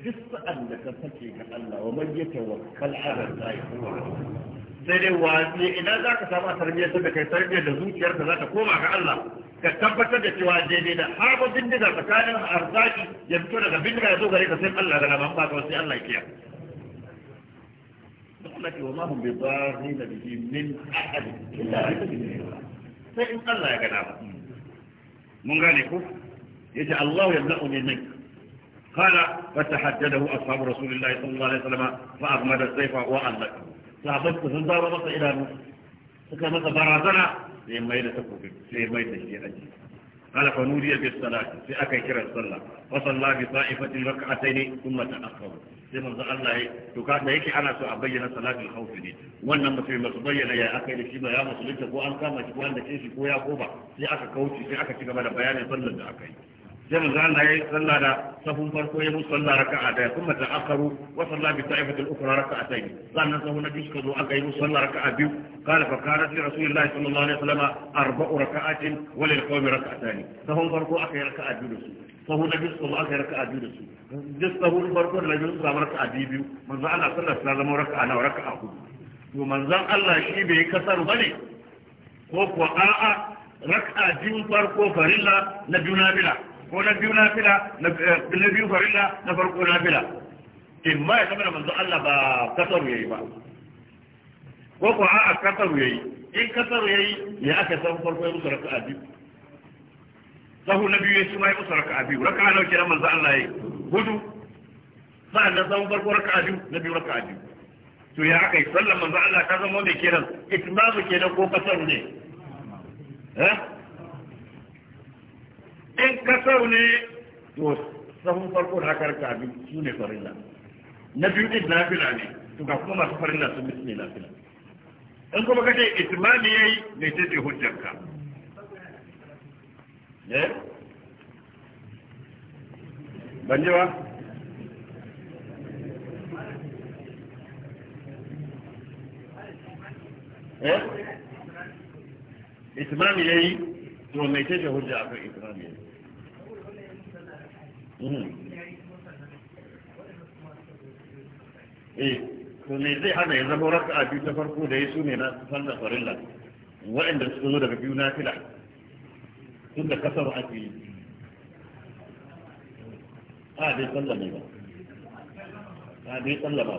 duk sa'an da ka sake ga Allah wa man ya da ala kuma, sai dai wani Ina za ka samu tarbiyyar da kai tarbiyyar da zuciyarka za ta koma ga Allah ka tabbatar da cewa daidai da harba bindiga tsakanin arzaki ya fito daga bindiga ya zo gare ka sai Allah ga laban ba sai Allah kiya Allah ke wa ma hum bi dharrin bihi min ahad illa sai in Allah ya ga mun gane ku yace Allah ya za'u ne min قال فتحدده أصحاب رسول الله صلى الله عليه وسلم فأغمد السيف وأنك صحابت تزندار مصر إلى نوح فكما تبرازنا لما يدتكو في لما يدتكو قال فنودي بالصلاة في أكي كرة الصلاة فصلى بطائفة ركعتين ثم تأخروا sai manzo Allah to ka da yake ana so a bayyana salatul khawf ne wannan mutum ba bayyana ya aka da shi ba ya musulunta ko an kama shi ko an da shi ko ya ko ba sai aka kauce sai aka ci gaba da bayanin sallar da aka yi sai manzo na yayi sallah da sahun farko ya musu sallah raka'a daya kuma ta akaru wa sallah bi ta'ifatul ukhra raka'atayn sannan sahun na biyu suka zo aka yi musu sallah raka'a biyu qala fa kanat li rasulillahi sallallahu alaihi wasallam arba'u raka raka'atin wa lil a raka'atani sahun farko aka yi raka a biyu da su sahun na biyu suka zo aka yi raka a biyu da su duk sahun farko da na biyu suka raka'a biyu manzo Allah sallallahu alaihi wasallam a nawa raka a hudu to manzon Allah shi bai yi kasar ne? ko ko a'a raka a biyu farko farilla na biyu nabila ko na biyu na fila eh, na biyu farilla na farko na fila in ma ya zama da manzo Allah ba kasaru yayi ba ko ko a kasaru yayi in kasaru yayi ya aka san farko ya musu raka'a biyu sahu na biyu ya shi ma ya musu raka'a biyu raka'a nawa kenan manzo Allah yayi hudu sa'an da sahu farko raka abi na biyu raka biyu to ya aka yi sallan manzo Allah ta zama mai kenan itmamu kenan ko kasaru ne eh in kasar ne to sahun farko da haka raka biyu su ne farilla na biyu din nafila ne to ga kuma masu farilla sun mutu ne nafila in kuma kace itimami yayi mai hujjar ka ne eh? ban ji ba eh itimami yayi to mai ce hujja akan itimami yayi Hmm. eh to me zai hana ya zama raka'a biyu ta farko da ya su ne na sallar farilla waɗanda suka zo daga biyu na fila tun da kasar ake yi a dai sallar ne ba a dai sallar ba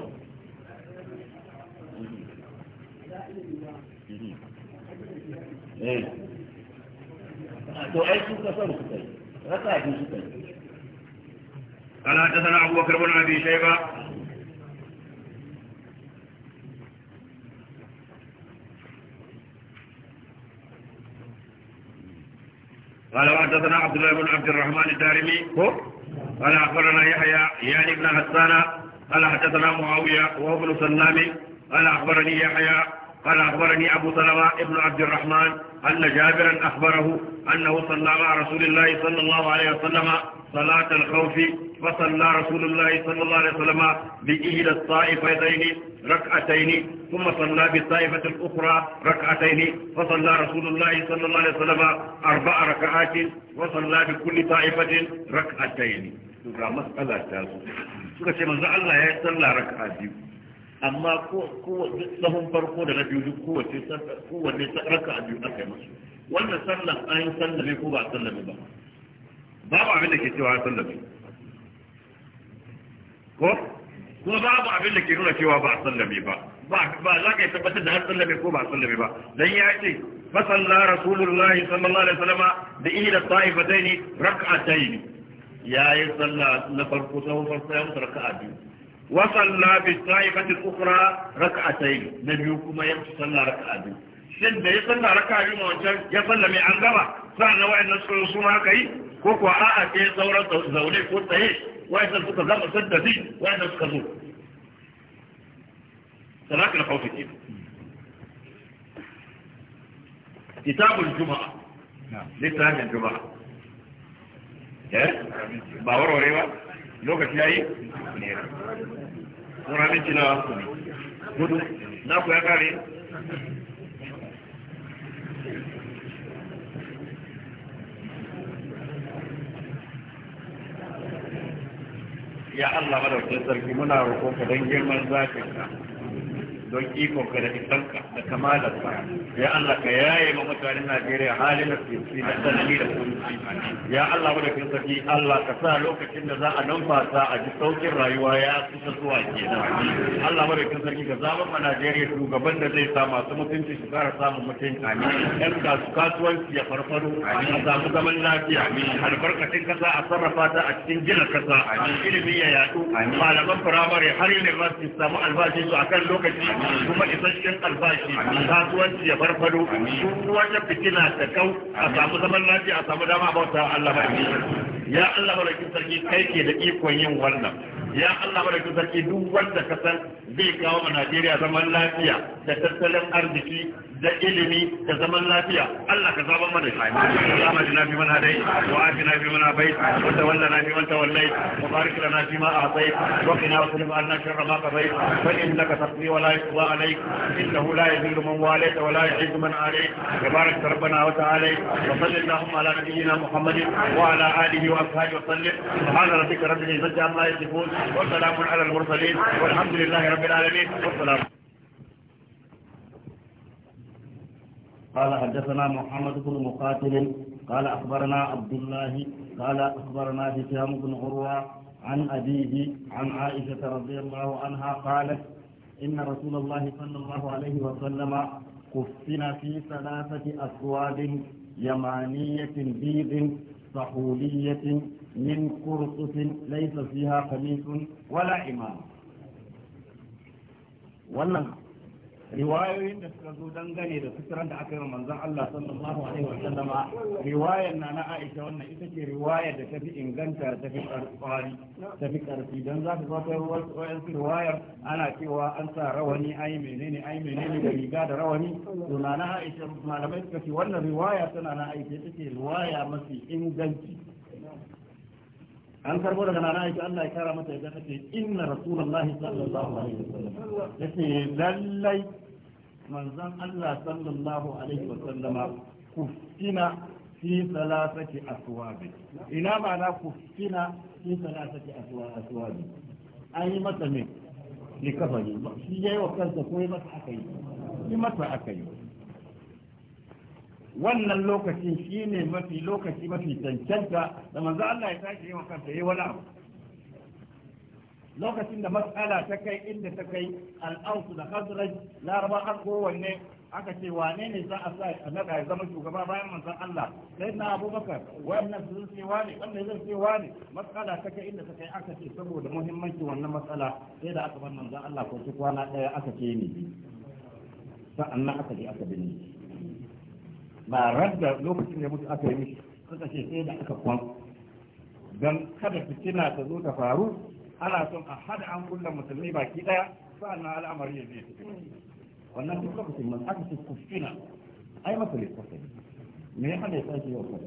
hmm. Hmm. Eh. to ai su kasar suka yi raka'a biyu suka yi قال حدثنا أبو بكر بن أبي شيبة قال حدثنا عبد الله بن عبد الرحمن الدارمي قال أخبرنا يحيى يعني ابن حسان قال حدثنا معاوية وهو ابن سلام قال أخبرني يحيى قال أخبرني أبو سلمة ابن عبد الرحمن أن جابرا أخبره أنه صلى مع رسول الله صلى الله عليه وسلم صلاة الخوف فصلى رسول الله صلى الله عليه وسلم بإحدى الطائفتين ركعتين ثم صلى بالطائفة الأخرى ركعتين فصلى رسول الله صلى الله عليه وسلم أربع ركعات وصلى بكل طائفة ركعتين ga matsala ta su suka ce manzo Allah ya yi sallah raka'a biyu amma ko ko sahun farko da na biyu duk kowace kowanne raka'a biyu aka yi musu wannan sallan an yi sallame ko ba sallame ba babu abin da ke cewa sallame ko ko babu abin da ke nuna cewa ba a sallame ba ba za ka yi tabbatar da har sallame ko ba a sallame ba dan ya ce fasalla rasulullahi sallallahu alaihi wasallam da ila ta'ifataini ya yi sallah na farko sahun farko ya musu raka'a biyu وصلى بالطائفة الأخرى ركعتين نبي كما يصلى ركعتين shin da ya salla raka biyu ma wancan ya sallame an gaba sa'an na wa'annan sun suna kai ko ko a'a sai sauran zaune ko tsaye wa'annan suka zama san da zai wa'annan suka zo salatu na juma'a littafin juma'a ba warware ba lokaci yayi ne mun aminci na hudu na kare ya Allah madaukakin sarki muna roƙon ka don girman zakin don ikon ka da isanka da kamalarka ya Allah ka yaye ma mutanen Najeriya halin da suke da tsanani da kunci ya Allah wanda da kin saki Allah ka sa lokacin da za a numfasa a ji saukin rayuwa ya kusa zuwa kenan Allah wanda da kin saki ka zaba ma Najeriya shugaban da zai sa masu mutunci su fara samun mutunci amin ɗan kasuwanci ya farfaro a samu zaman lafiya albarkacin kasa a sarrafa ta a cikin gina kasa ilimi ya yadu malaman firamare har su samu albashi su akan lokaci kuma isasshen albashi kasuwanci ya farfado duk wata fitina ta kau a samu zaman lafiya a samu dama bauta Allah ba ya Allah ba sarki kai ke da ikon yin wannan ya Allah madaukakin sarki duk wanda ka san zai kawo a Najeriya zaman lafiya da tattalin arziki da ilimi da zaman lafiya Allah ka zaba mana shi zama jina fi mana dai wa fi mana bai na fi wa barik lana fi ma atai wa qina wa anna sharra ma qadai fa innaka taqdi wa la yuqda alayk innahu la man wa la yu'izzu man alayk tabarak rabbana wa ta'ala wa ala nabiyyina muhammadin wa ala alihi wa ashabihi wa sallim subhana rabbika rabbil izzati amma yasifun وسلام على المرسلين والحمد لله رب العالمين والسلام قال حدثنا محمد بن مقاتل قال أخبرنا عبد الله قال أخبرنا هشام بن عروة عن أبيه عن عائشة رضي الله عنها قالت إن رسول الله صلى الله عليه وسلم كفن في ثلاثة أسواد يمانية بيض صحولية من قرطس ليس فيها قميص ولا إمام wannan riwayoyin da suka zo dangane da suturan da aka yi manzon Allah sallallahu alaihi wa sallama riwayar na na Aisha wannan ita ce riwaya da tafi inganta ta fi karfi ta fi karfi dan za ka zata wayan riwayar ana cewa an sa rawani ai menene ai menene da riga da rawani to na na Aisha malamai suka ce wannan riwaya tana na Aisha ita ce riwaya mafi inganci an karbo daga nana aiki Allah ya kara mata yadda take inna rasulullahi sallallahu alaihi wasallam yace lallai manzon Allah sallallahu alaihi wasallama kufina fi salasati aswabi ina ma'ana kufina fi salasati aswabi an yi mata ne ni kafani shi yayi wa kansa ko yi mata akai yi mata akai wannan lokacin ne mafi lokaci mafi cancanta da manzo Allah ya tashi yawan ya yi wani abu lokacin da matsala ta kai inda ta kai al'ausu da khazraj laraba har kowanne aka ce wane ne za a sa a naɗa ya zama shugaba bayan manzon Allah sai na abubakar wannan sun ce wane wannan zai ce wane matsala ta kai inda ta kai aka ce saboda muhimmanci wannan matsala sai da aka bar manzon Allah ko kwana ɗaya aka ce ne sa'annan aka je aka binne ba radda lokacin da mutu aka yi mishi suka ce sai da aka kwan don kada fitina ta zo ta faru ana son a hada an kulla musulmi baki daya sa'annan al'amari ya zai wannan duk lokacin man aka ce kufina ai masa ne kwasa me ya hada ya sake yau kwasa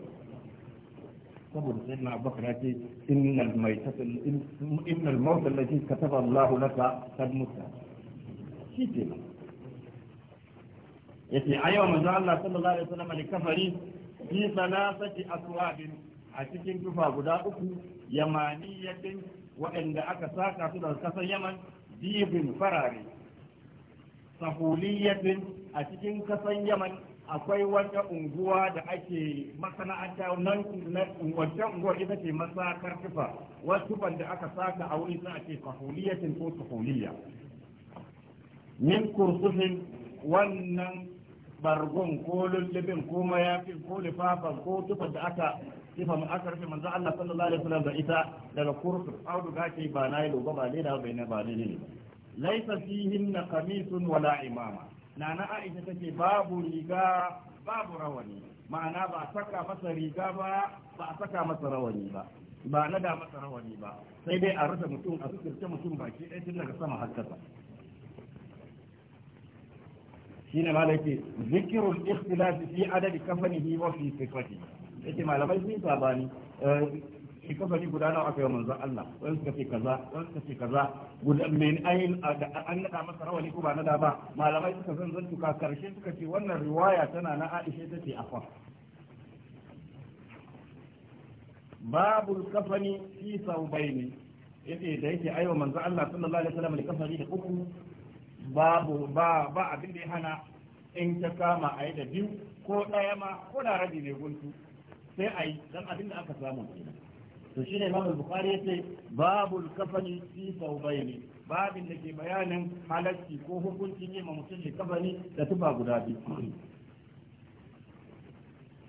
saboda sai na abubakar ya ce innal maitata innal mawt allati kataba Allahu laka kad mutta shi kenan yace a manzo Allah sallallahu alaihi wasallam ne kafari fi salasati aswabin a cikin tufa guda uku yamaniyatin waɗanda aka saka su daga kasar Yaman dibin farare sahuliyatin a cikin kasar Yaman akwai wata unguwa da ake masana'anta nan wata unguwa ita ce masakar tufa wasu tufan da aka saka a wurin za ake sahuliyatin ko sahuliya min kursuhin wannan bargun ko lullubin ko mayafin ko lifafan ko tufar da aka tufa mu aka rufe manzo Allah sallallahu alaihi wasallam da ita daga kursu audu gake ba na yi ba ba ne da bai ne ba ne ne laisa fihin na qamisun wala imama nana Aisha take babu riga babu rawani ma'ana ba saka masa riga ba ba saka masa rawani ba ba na da masa rawani ba sai dai a rufe mutum a sukirce mutum baki ɗaya tun daga sama har kasa shine malaki zikrul ikhtilaf fi kafani kafanihi wa fi sifatihi yake malamai sun sabani eh, shi kafani guda nawa aka yi manzo Allah wani suka fi kaza wani suka fi kaza guda min ayin an nada masa rawani ko ba nada ba malamai suka san zan tuka karshe suka ce wannan riwaya tana na Aisha tace afa Babu kafani fi saubaini yace da yake aiwa manzo Allah sallallahu alaihi wasallam da kafani da uku babu ba ba abin da ya hana in ta kama a yi da biyu ko ɗaya ma ko da rabi mai guntu sai a yi don abin da aka samu kenan to shine bukari ya yace babul kafani fi ne babin da ke bayanin halarci ko hukuncin ma mutum da kafani da tufa guda biyu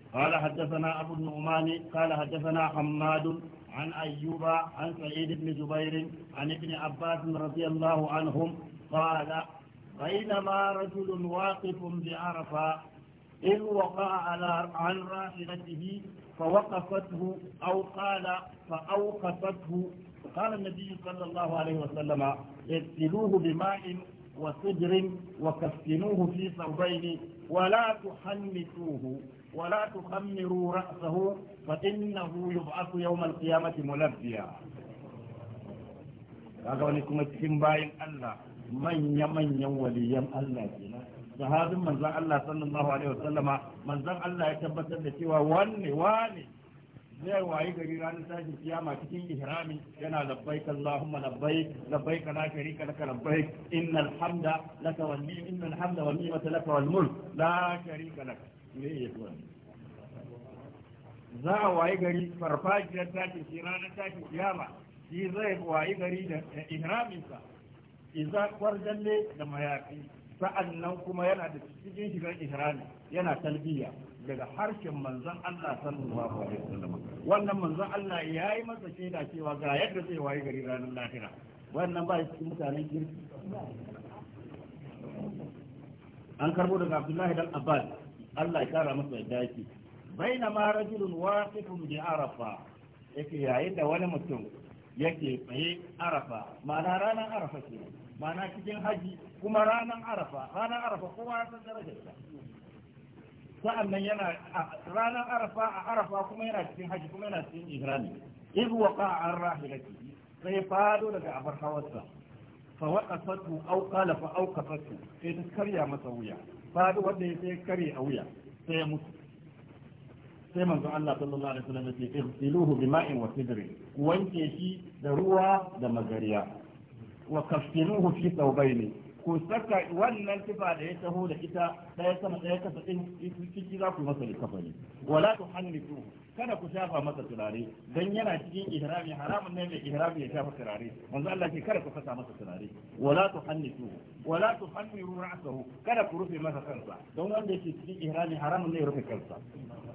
قال حدثنا أبو النعمان قال حدثنا حماد عن أيوب عن سعيد بن جبير عن ابن عباس رضي الله عنهم قال بينما رجل واقف بعرفة إن وقع على عن راحلته فوقفته أو قال فأوقفته فقال النبي صلى الله عليه وسلم اغسلوه بماء وصدر وكفنوه في ثوبين ولا تحنثوه ولا تخمروا رأسه فإنه يبعث يوم القيامة ملبيا هذا ولكم السنباء الله manya-manyan waliyan Allah kenan sahabin manzan Allah sallallahu alaihi wasallama manzan Allah ya tabbatar da cewa wanne wane zai wayi gari ranar tashin kiyama cikin ihrami yana labbaik Allahumma labbaik labbaik la sharika laka labbaik innal hamda laka wal ni'mata innal hamda wan ni'mata laka wal mulk la sharika laka me yake wannan za a wayi gari farfajiyar tashin ranar kiyama shi zai wayi gari da ihraminsa izakwar dalle da mayafi sa'annan kuma yana da cikin shigar ihrami yana talbiya daga harshen manzon Allah sallallahu alaihi wasallam wannan manzon Allah ya yi masa shaida cewa ga yadda zai wayi gari ranar lahira wannan ba cikin mutanen kirki an karbo daga Abdullahi dan Abbas Allah ya kara masa yadda yake bainama rajulun waqifun bi arafa yake yayin da wani mutum yake tsaye arafa ma'ana ranar arafa ke ma'ana cikin haji kuma ranar arafa ranar arafa kowa ya san darajarsa sa'annan yana ranar arafa a arafa kuma yana cikin haji kuma yana cikin ihrami wa ka an ke sai fado daga abar hawarsa fa waqafatu auka qala fa fatu sai ta karya masa wuya fado wanda ya sai karya a wuya sai ya mutu sai manzon Allah sallallahu alaihi wasallam yake ihsiluhu bima'in wa sidri wanke shi da ruwa da magariya wa kaffinuhu fi ne. ku saka wannan tufa da ya taho da ita ɗaya sama ɗaya kasa ɗin ciki za ku masa likafani wala tu hannitu kada ku shafa masa turare dan yana cikin ihrami haramun ne mai ihrami ya shafa turare manzo Allah ke kada ku saka masa turare wala tu hannitu wala tu hanniru ra'sahu kada ku rufe masa kansa don wanda yake cikin ihrami haramun ne ya rufe kansa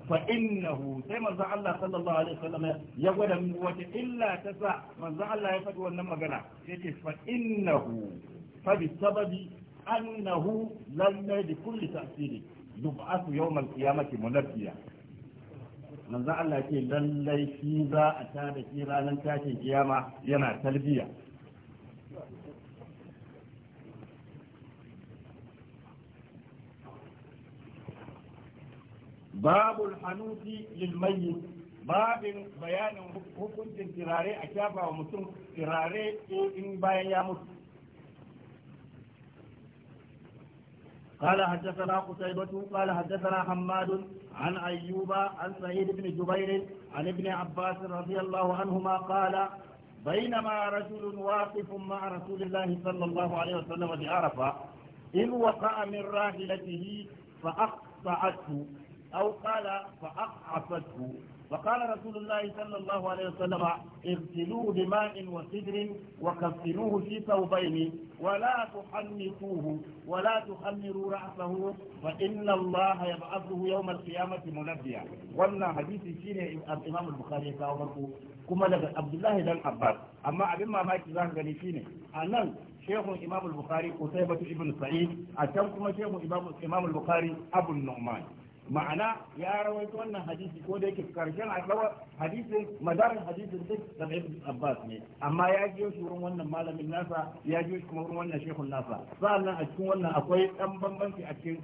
fa innahu sai manzo Allah sallallahu alaihi wasallam ya gwada wata illa ta sa manzo Allah ya faɗi wannan magana yake ce fa innahu فبالسبب أنه لم بكل تأثير يبعث يوم القيامة منفيا manzo Allah ce lallai shi za a tada shi ranar tashin kiyama yana talbiya babul hanuti lil mayyit babin bayanin hukuncin tirare a shafa mutum tirare in bayan ya mutu قال حدثنا قتيبة قال حدثنا حماد عن أيوب عن سعيد بن جبير عن ابن عباس رضي الله عنهما قال بينما رجل واقف مع رسول الله صلى الله عليه وسلم بعرفة إن وقع من راحلته فأقطعته أو قال فأقعفته فقال رسول الله صلى الله عليه وسلم اغسلوه بماء وسدر وكفنوه في ثوبين ولا تحنكوه ولا تخمروا رأسه فإن الله يبعثه يوم القيامة منبيا وانا حديث شين الإمام البخاري كاوركو كما لدى عبد الله بن عباس أما أبن ما ماكي ذاك غني شين أنا شيخ الإمام البخاري قتيبة ابن سعيد أتم كما شيخ الإمام البخاري أبو النعمان ma'ana ya rawaito wannan hadisi ko da yake karshen alawar hadisin madarin hadisin duk da ibn Abbas ne amma ya jiyo shi wurin wannan malamin nasa ya jiyo shi kuma wurin wannan shehun nasa sa'annan a cikin wannan akwai dan bambanci a cikin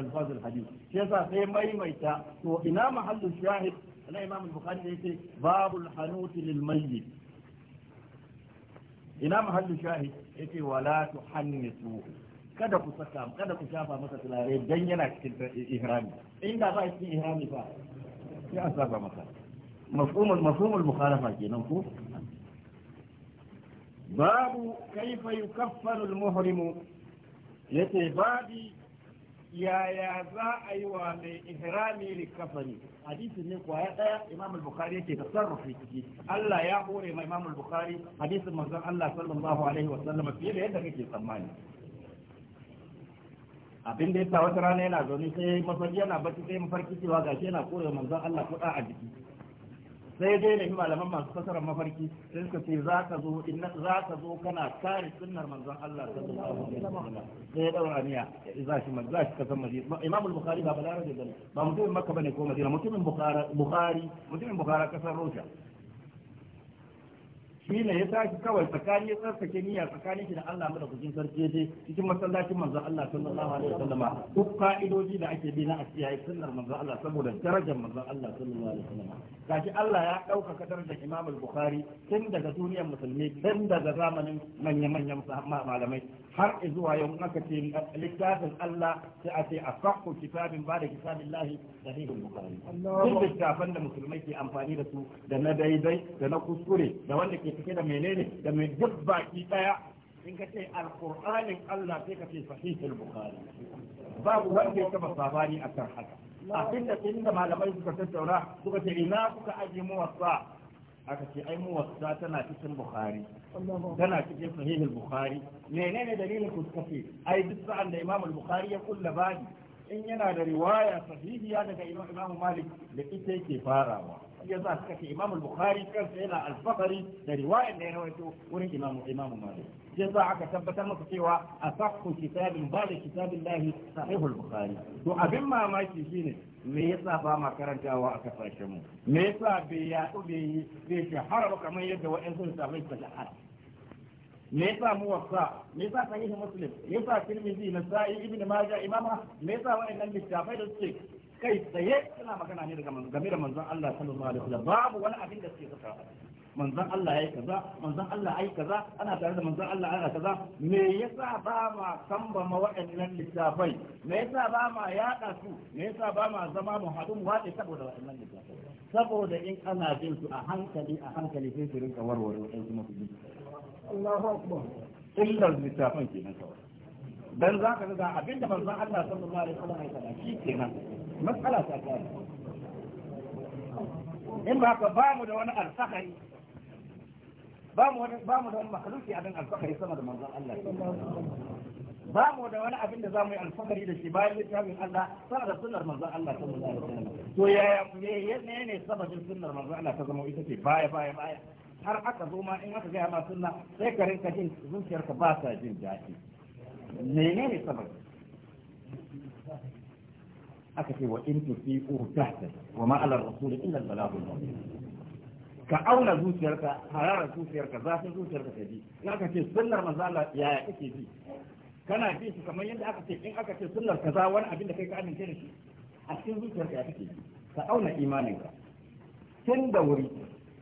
alfazul hadisi shi yasa sai maimaita to ina mahallu shahid na Imam Bukhari da yake babul hanuti lil mayyit ina mahallu shahid yake wala tuhannisuhu kada ku saka kada ku shafa masa turare dan yana cikin ihrami inda ba cikin ihrami fa sai an saba masa mafhumul mafhumul mukhalafa kenan ku. babu kaifa yukaffaru al-muhrimu yace babi ya za a yi wa mai ihrami likafani hadisi ne ya daya imam al-bukhari yake tasarrufi ciki Allah ya hore mai imam al-bukhari hadisin manzon Allah sallallahu alaihi wa sallam fiye da yadda kake tsammani abin da yasa wata rana yana zaune sai mafarki yana bacci sai mafarki cewa gashi yana koyar manzon Allah kuɗa a jiki sai dai ne malaman masu fasarar mafarki sai suka ce za ka zo in za ka zo kana kare sunnar manzon Allah sallallahu alaihi wasallam sai ya daura aniya za shi manzo shi san madina imam al-bukhari ba balarabe bane ba mutumin makka bane ko madina mutumin bukhari bukhari mutumin bukhari kasar rusha shi ne ya tashi kawai tsakani ya tsarkake niyya tsakanin shi da Allah mu da kucin sarki je cikin masallacin manzon Allah sallallahu alaihi wasallama duk ka'idoji da ake bi na asiya sunnar manzon Allah saboda darajar manzon Allah sallallahu alaihi wasallama gashi Allah ya dauka darajar Imam al-Bukhari tun daga duniyar musulmi tun daga zamanin manya-manyan malamai har zuwa yau aka ce littafin Allah sai a ce a fakku kitabin ba da kitabin lahi da hihin bukari duk littafan da musulmai ke amfani da su da na daidai da na kuskure da wanda ke cike da menene da mai duk baki daya in ka ce alkur'anin Allah sai ka ce sahihul bukari babu wanda ya taba sabani kan haka abinda inda malamai suka tattauna suka ce ina suka aje muwassa aka ce ai muwatta tana cikin bukhari tana cikin sahihul bukhari menene dalilin ku kace ai duk sa'an da imam bukhari ya kulla Bani? in yana da riwaya sahihiya daga imam malik da ita yake farawa ya za suka ce imam bukhari kansa yana alfahari da riwayar da ya rawaito wurin imam imamu malik ya za aka tabbatar masa cewa asahhu kitabin ba da kitabin lahi sahihul bukhari to abin mamaki shine me yasa ba ma karantawa a kasashen mu me yasa bai yaɗu bai bai shahara kamar yadda wa'ansu sahabbai ta shahara me yasa muwatta me yasa sahih muslim me yasa tirmidhi nasa'i ibn majah imama me yasa wa'annan littafai da suke kai tsaye suna magana ne daga game da manzon Allah sallallahu alaihi wasallam babu wani abin da suke saka manzon Allah yayi kaza manzon Allah yayi kaza ana tare da manzon Allah ana kaza me yasa ba ma samba ma waɗannan littafai me yasa ba ma yaɗa su me yasa ba ma zama mu haɗu mu saboda waɗannan littafai saboda in ana jin su a hankali a hankali sai su rinka warware waɗansu mafi Allahu akbar illar littafan kenan kawai dan zaka ga abinda manzon Allah sallallahu alaihi wasallam ya faɗa shi kenan matsala ta kare in ba ka ba mu da wani alfahari ba mu da wani makaluki abin alfahari sama da manzon Allah ba mu da wani abin da za mu yi alfahari da shi bayan littafin Allah sama da sunnar manzon Allah ta alaihi wasallam to ya ne ne sababin sunnar manzon Allah ta zama ita ce baya baya baya har aka zo ma in aka gaya ma sunna sai ka rinka jin zuciyarka ba ta jin daɗi menene sababin aka ce wa in tusi'u tahta wa ma ala rasul illa al ka auna zuciyarka hararar zuciyarka zafin zuciyarka ta bi in aka ce sunnar manzo Allah yaya kake bi kana bi su kamar yadda aka ce in aka ce sunnar kaza wani abin da kai ka amince da shi a cikin zuciyarka ya kake ka auna imaninka tun da wuri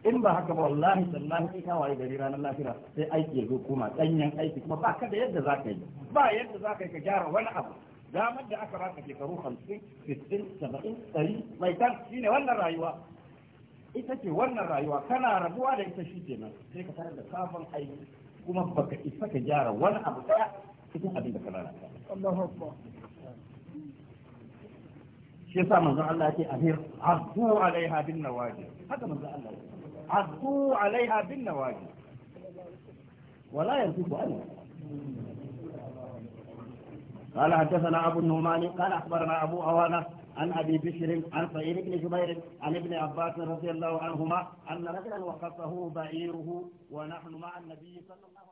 in ba haka ba wallahi sallahi sai ka waye gari ranar lafiya sai aiki ya zo kuma danyen aiki kuma ba ka da yadda za ka yi ba yadda za ka yi ka gyara wani abu damar da aka baka shekaru hamsin 60 70 dari mai tan shine wannan rayuwa ita ce wannan rayuwa kana rabuwa da ita shi kenan sai ka tarar da sabon aiki kuma baka isa ka gyara wani abu daya cikin abin da ka lalata Allahu akbar shi yasa manzon Allah yake afir azu alaiha bin nawaji haka manzon Allah yake azu alaiha bin nawaji wala yanzu ku Allah قال حدثنا أبو النعمان قال أخبرنا أبو أوانة عن أبي بشر عن سعيد بن جبير عن ابن عباس رضي الله عنهما أن رجلا وقفه بعيره ونحن مع النبي صلى الله عليه وسلم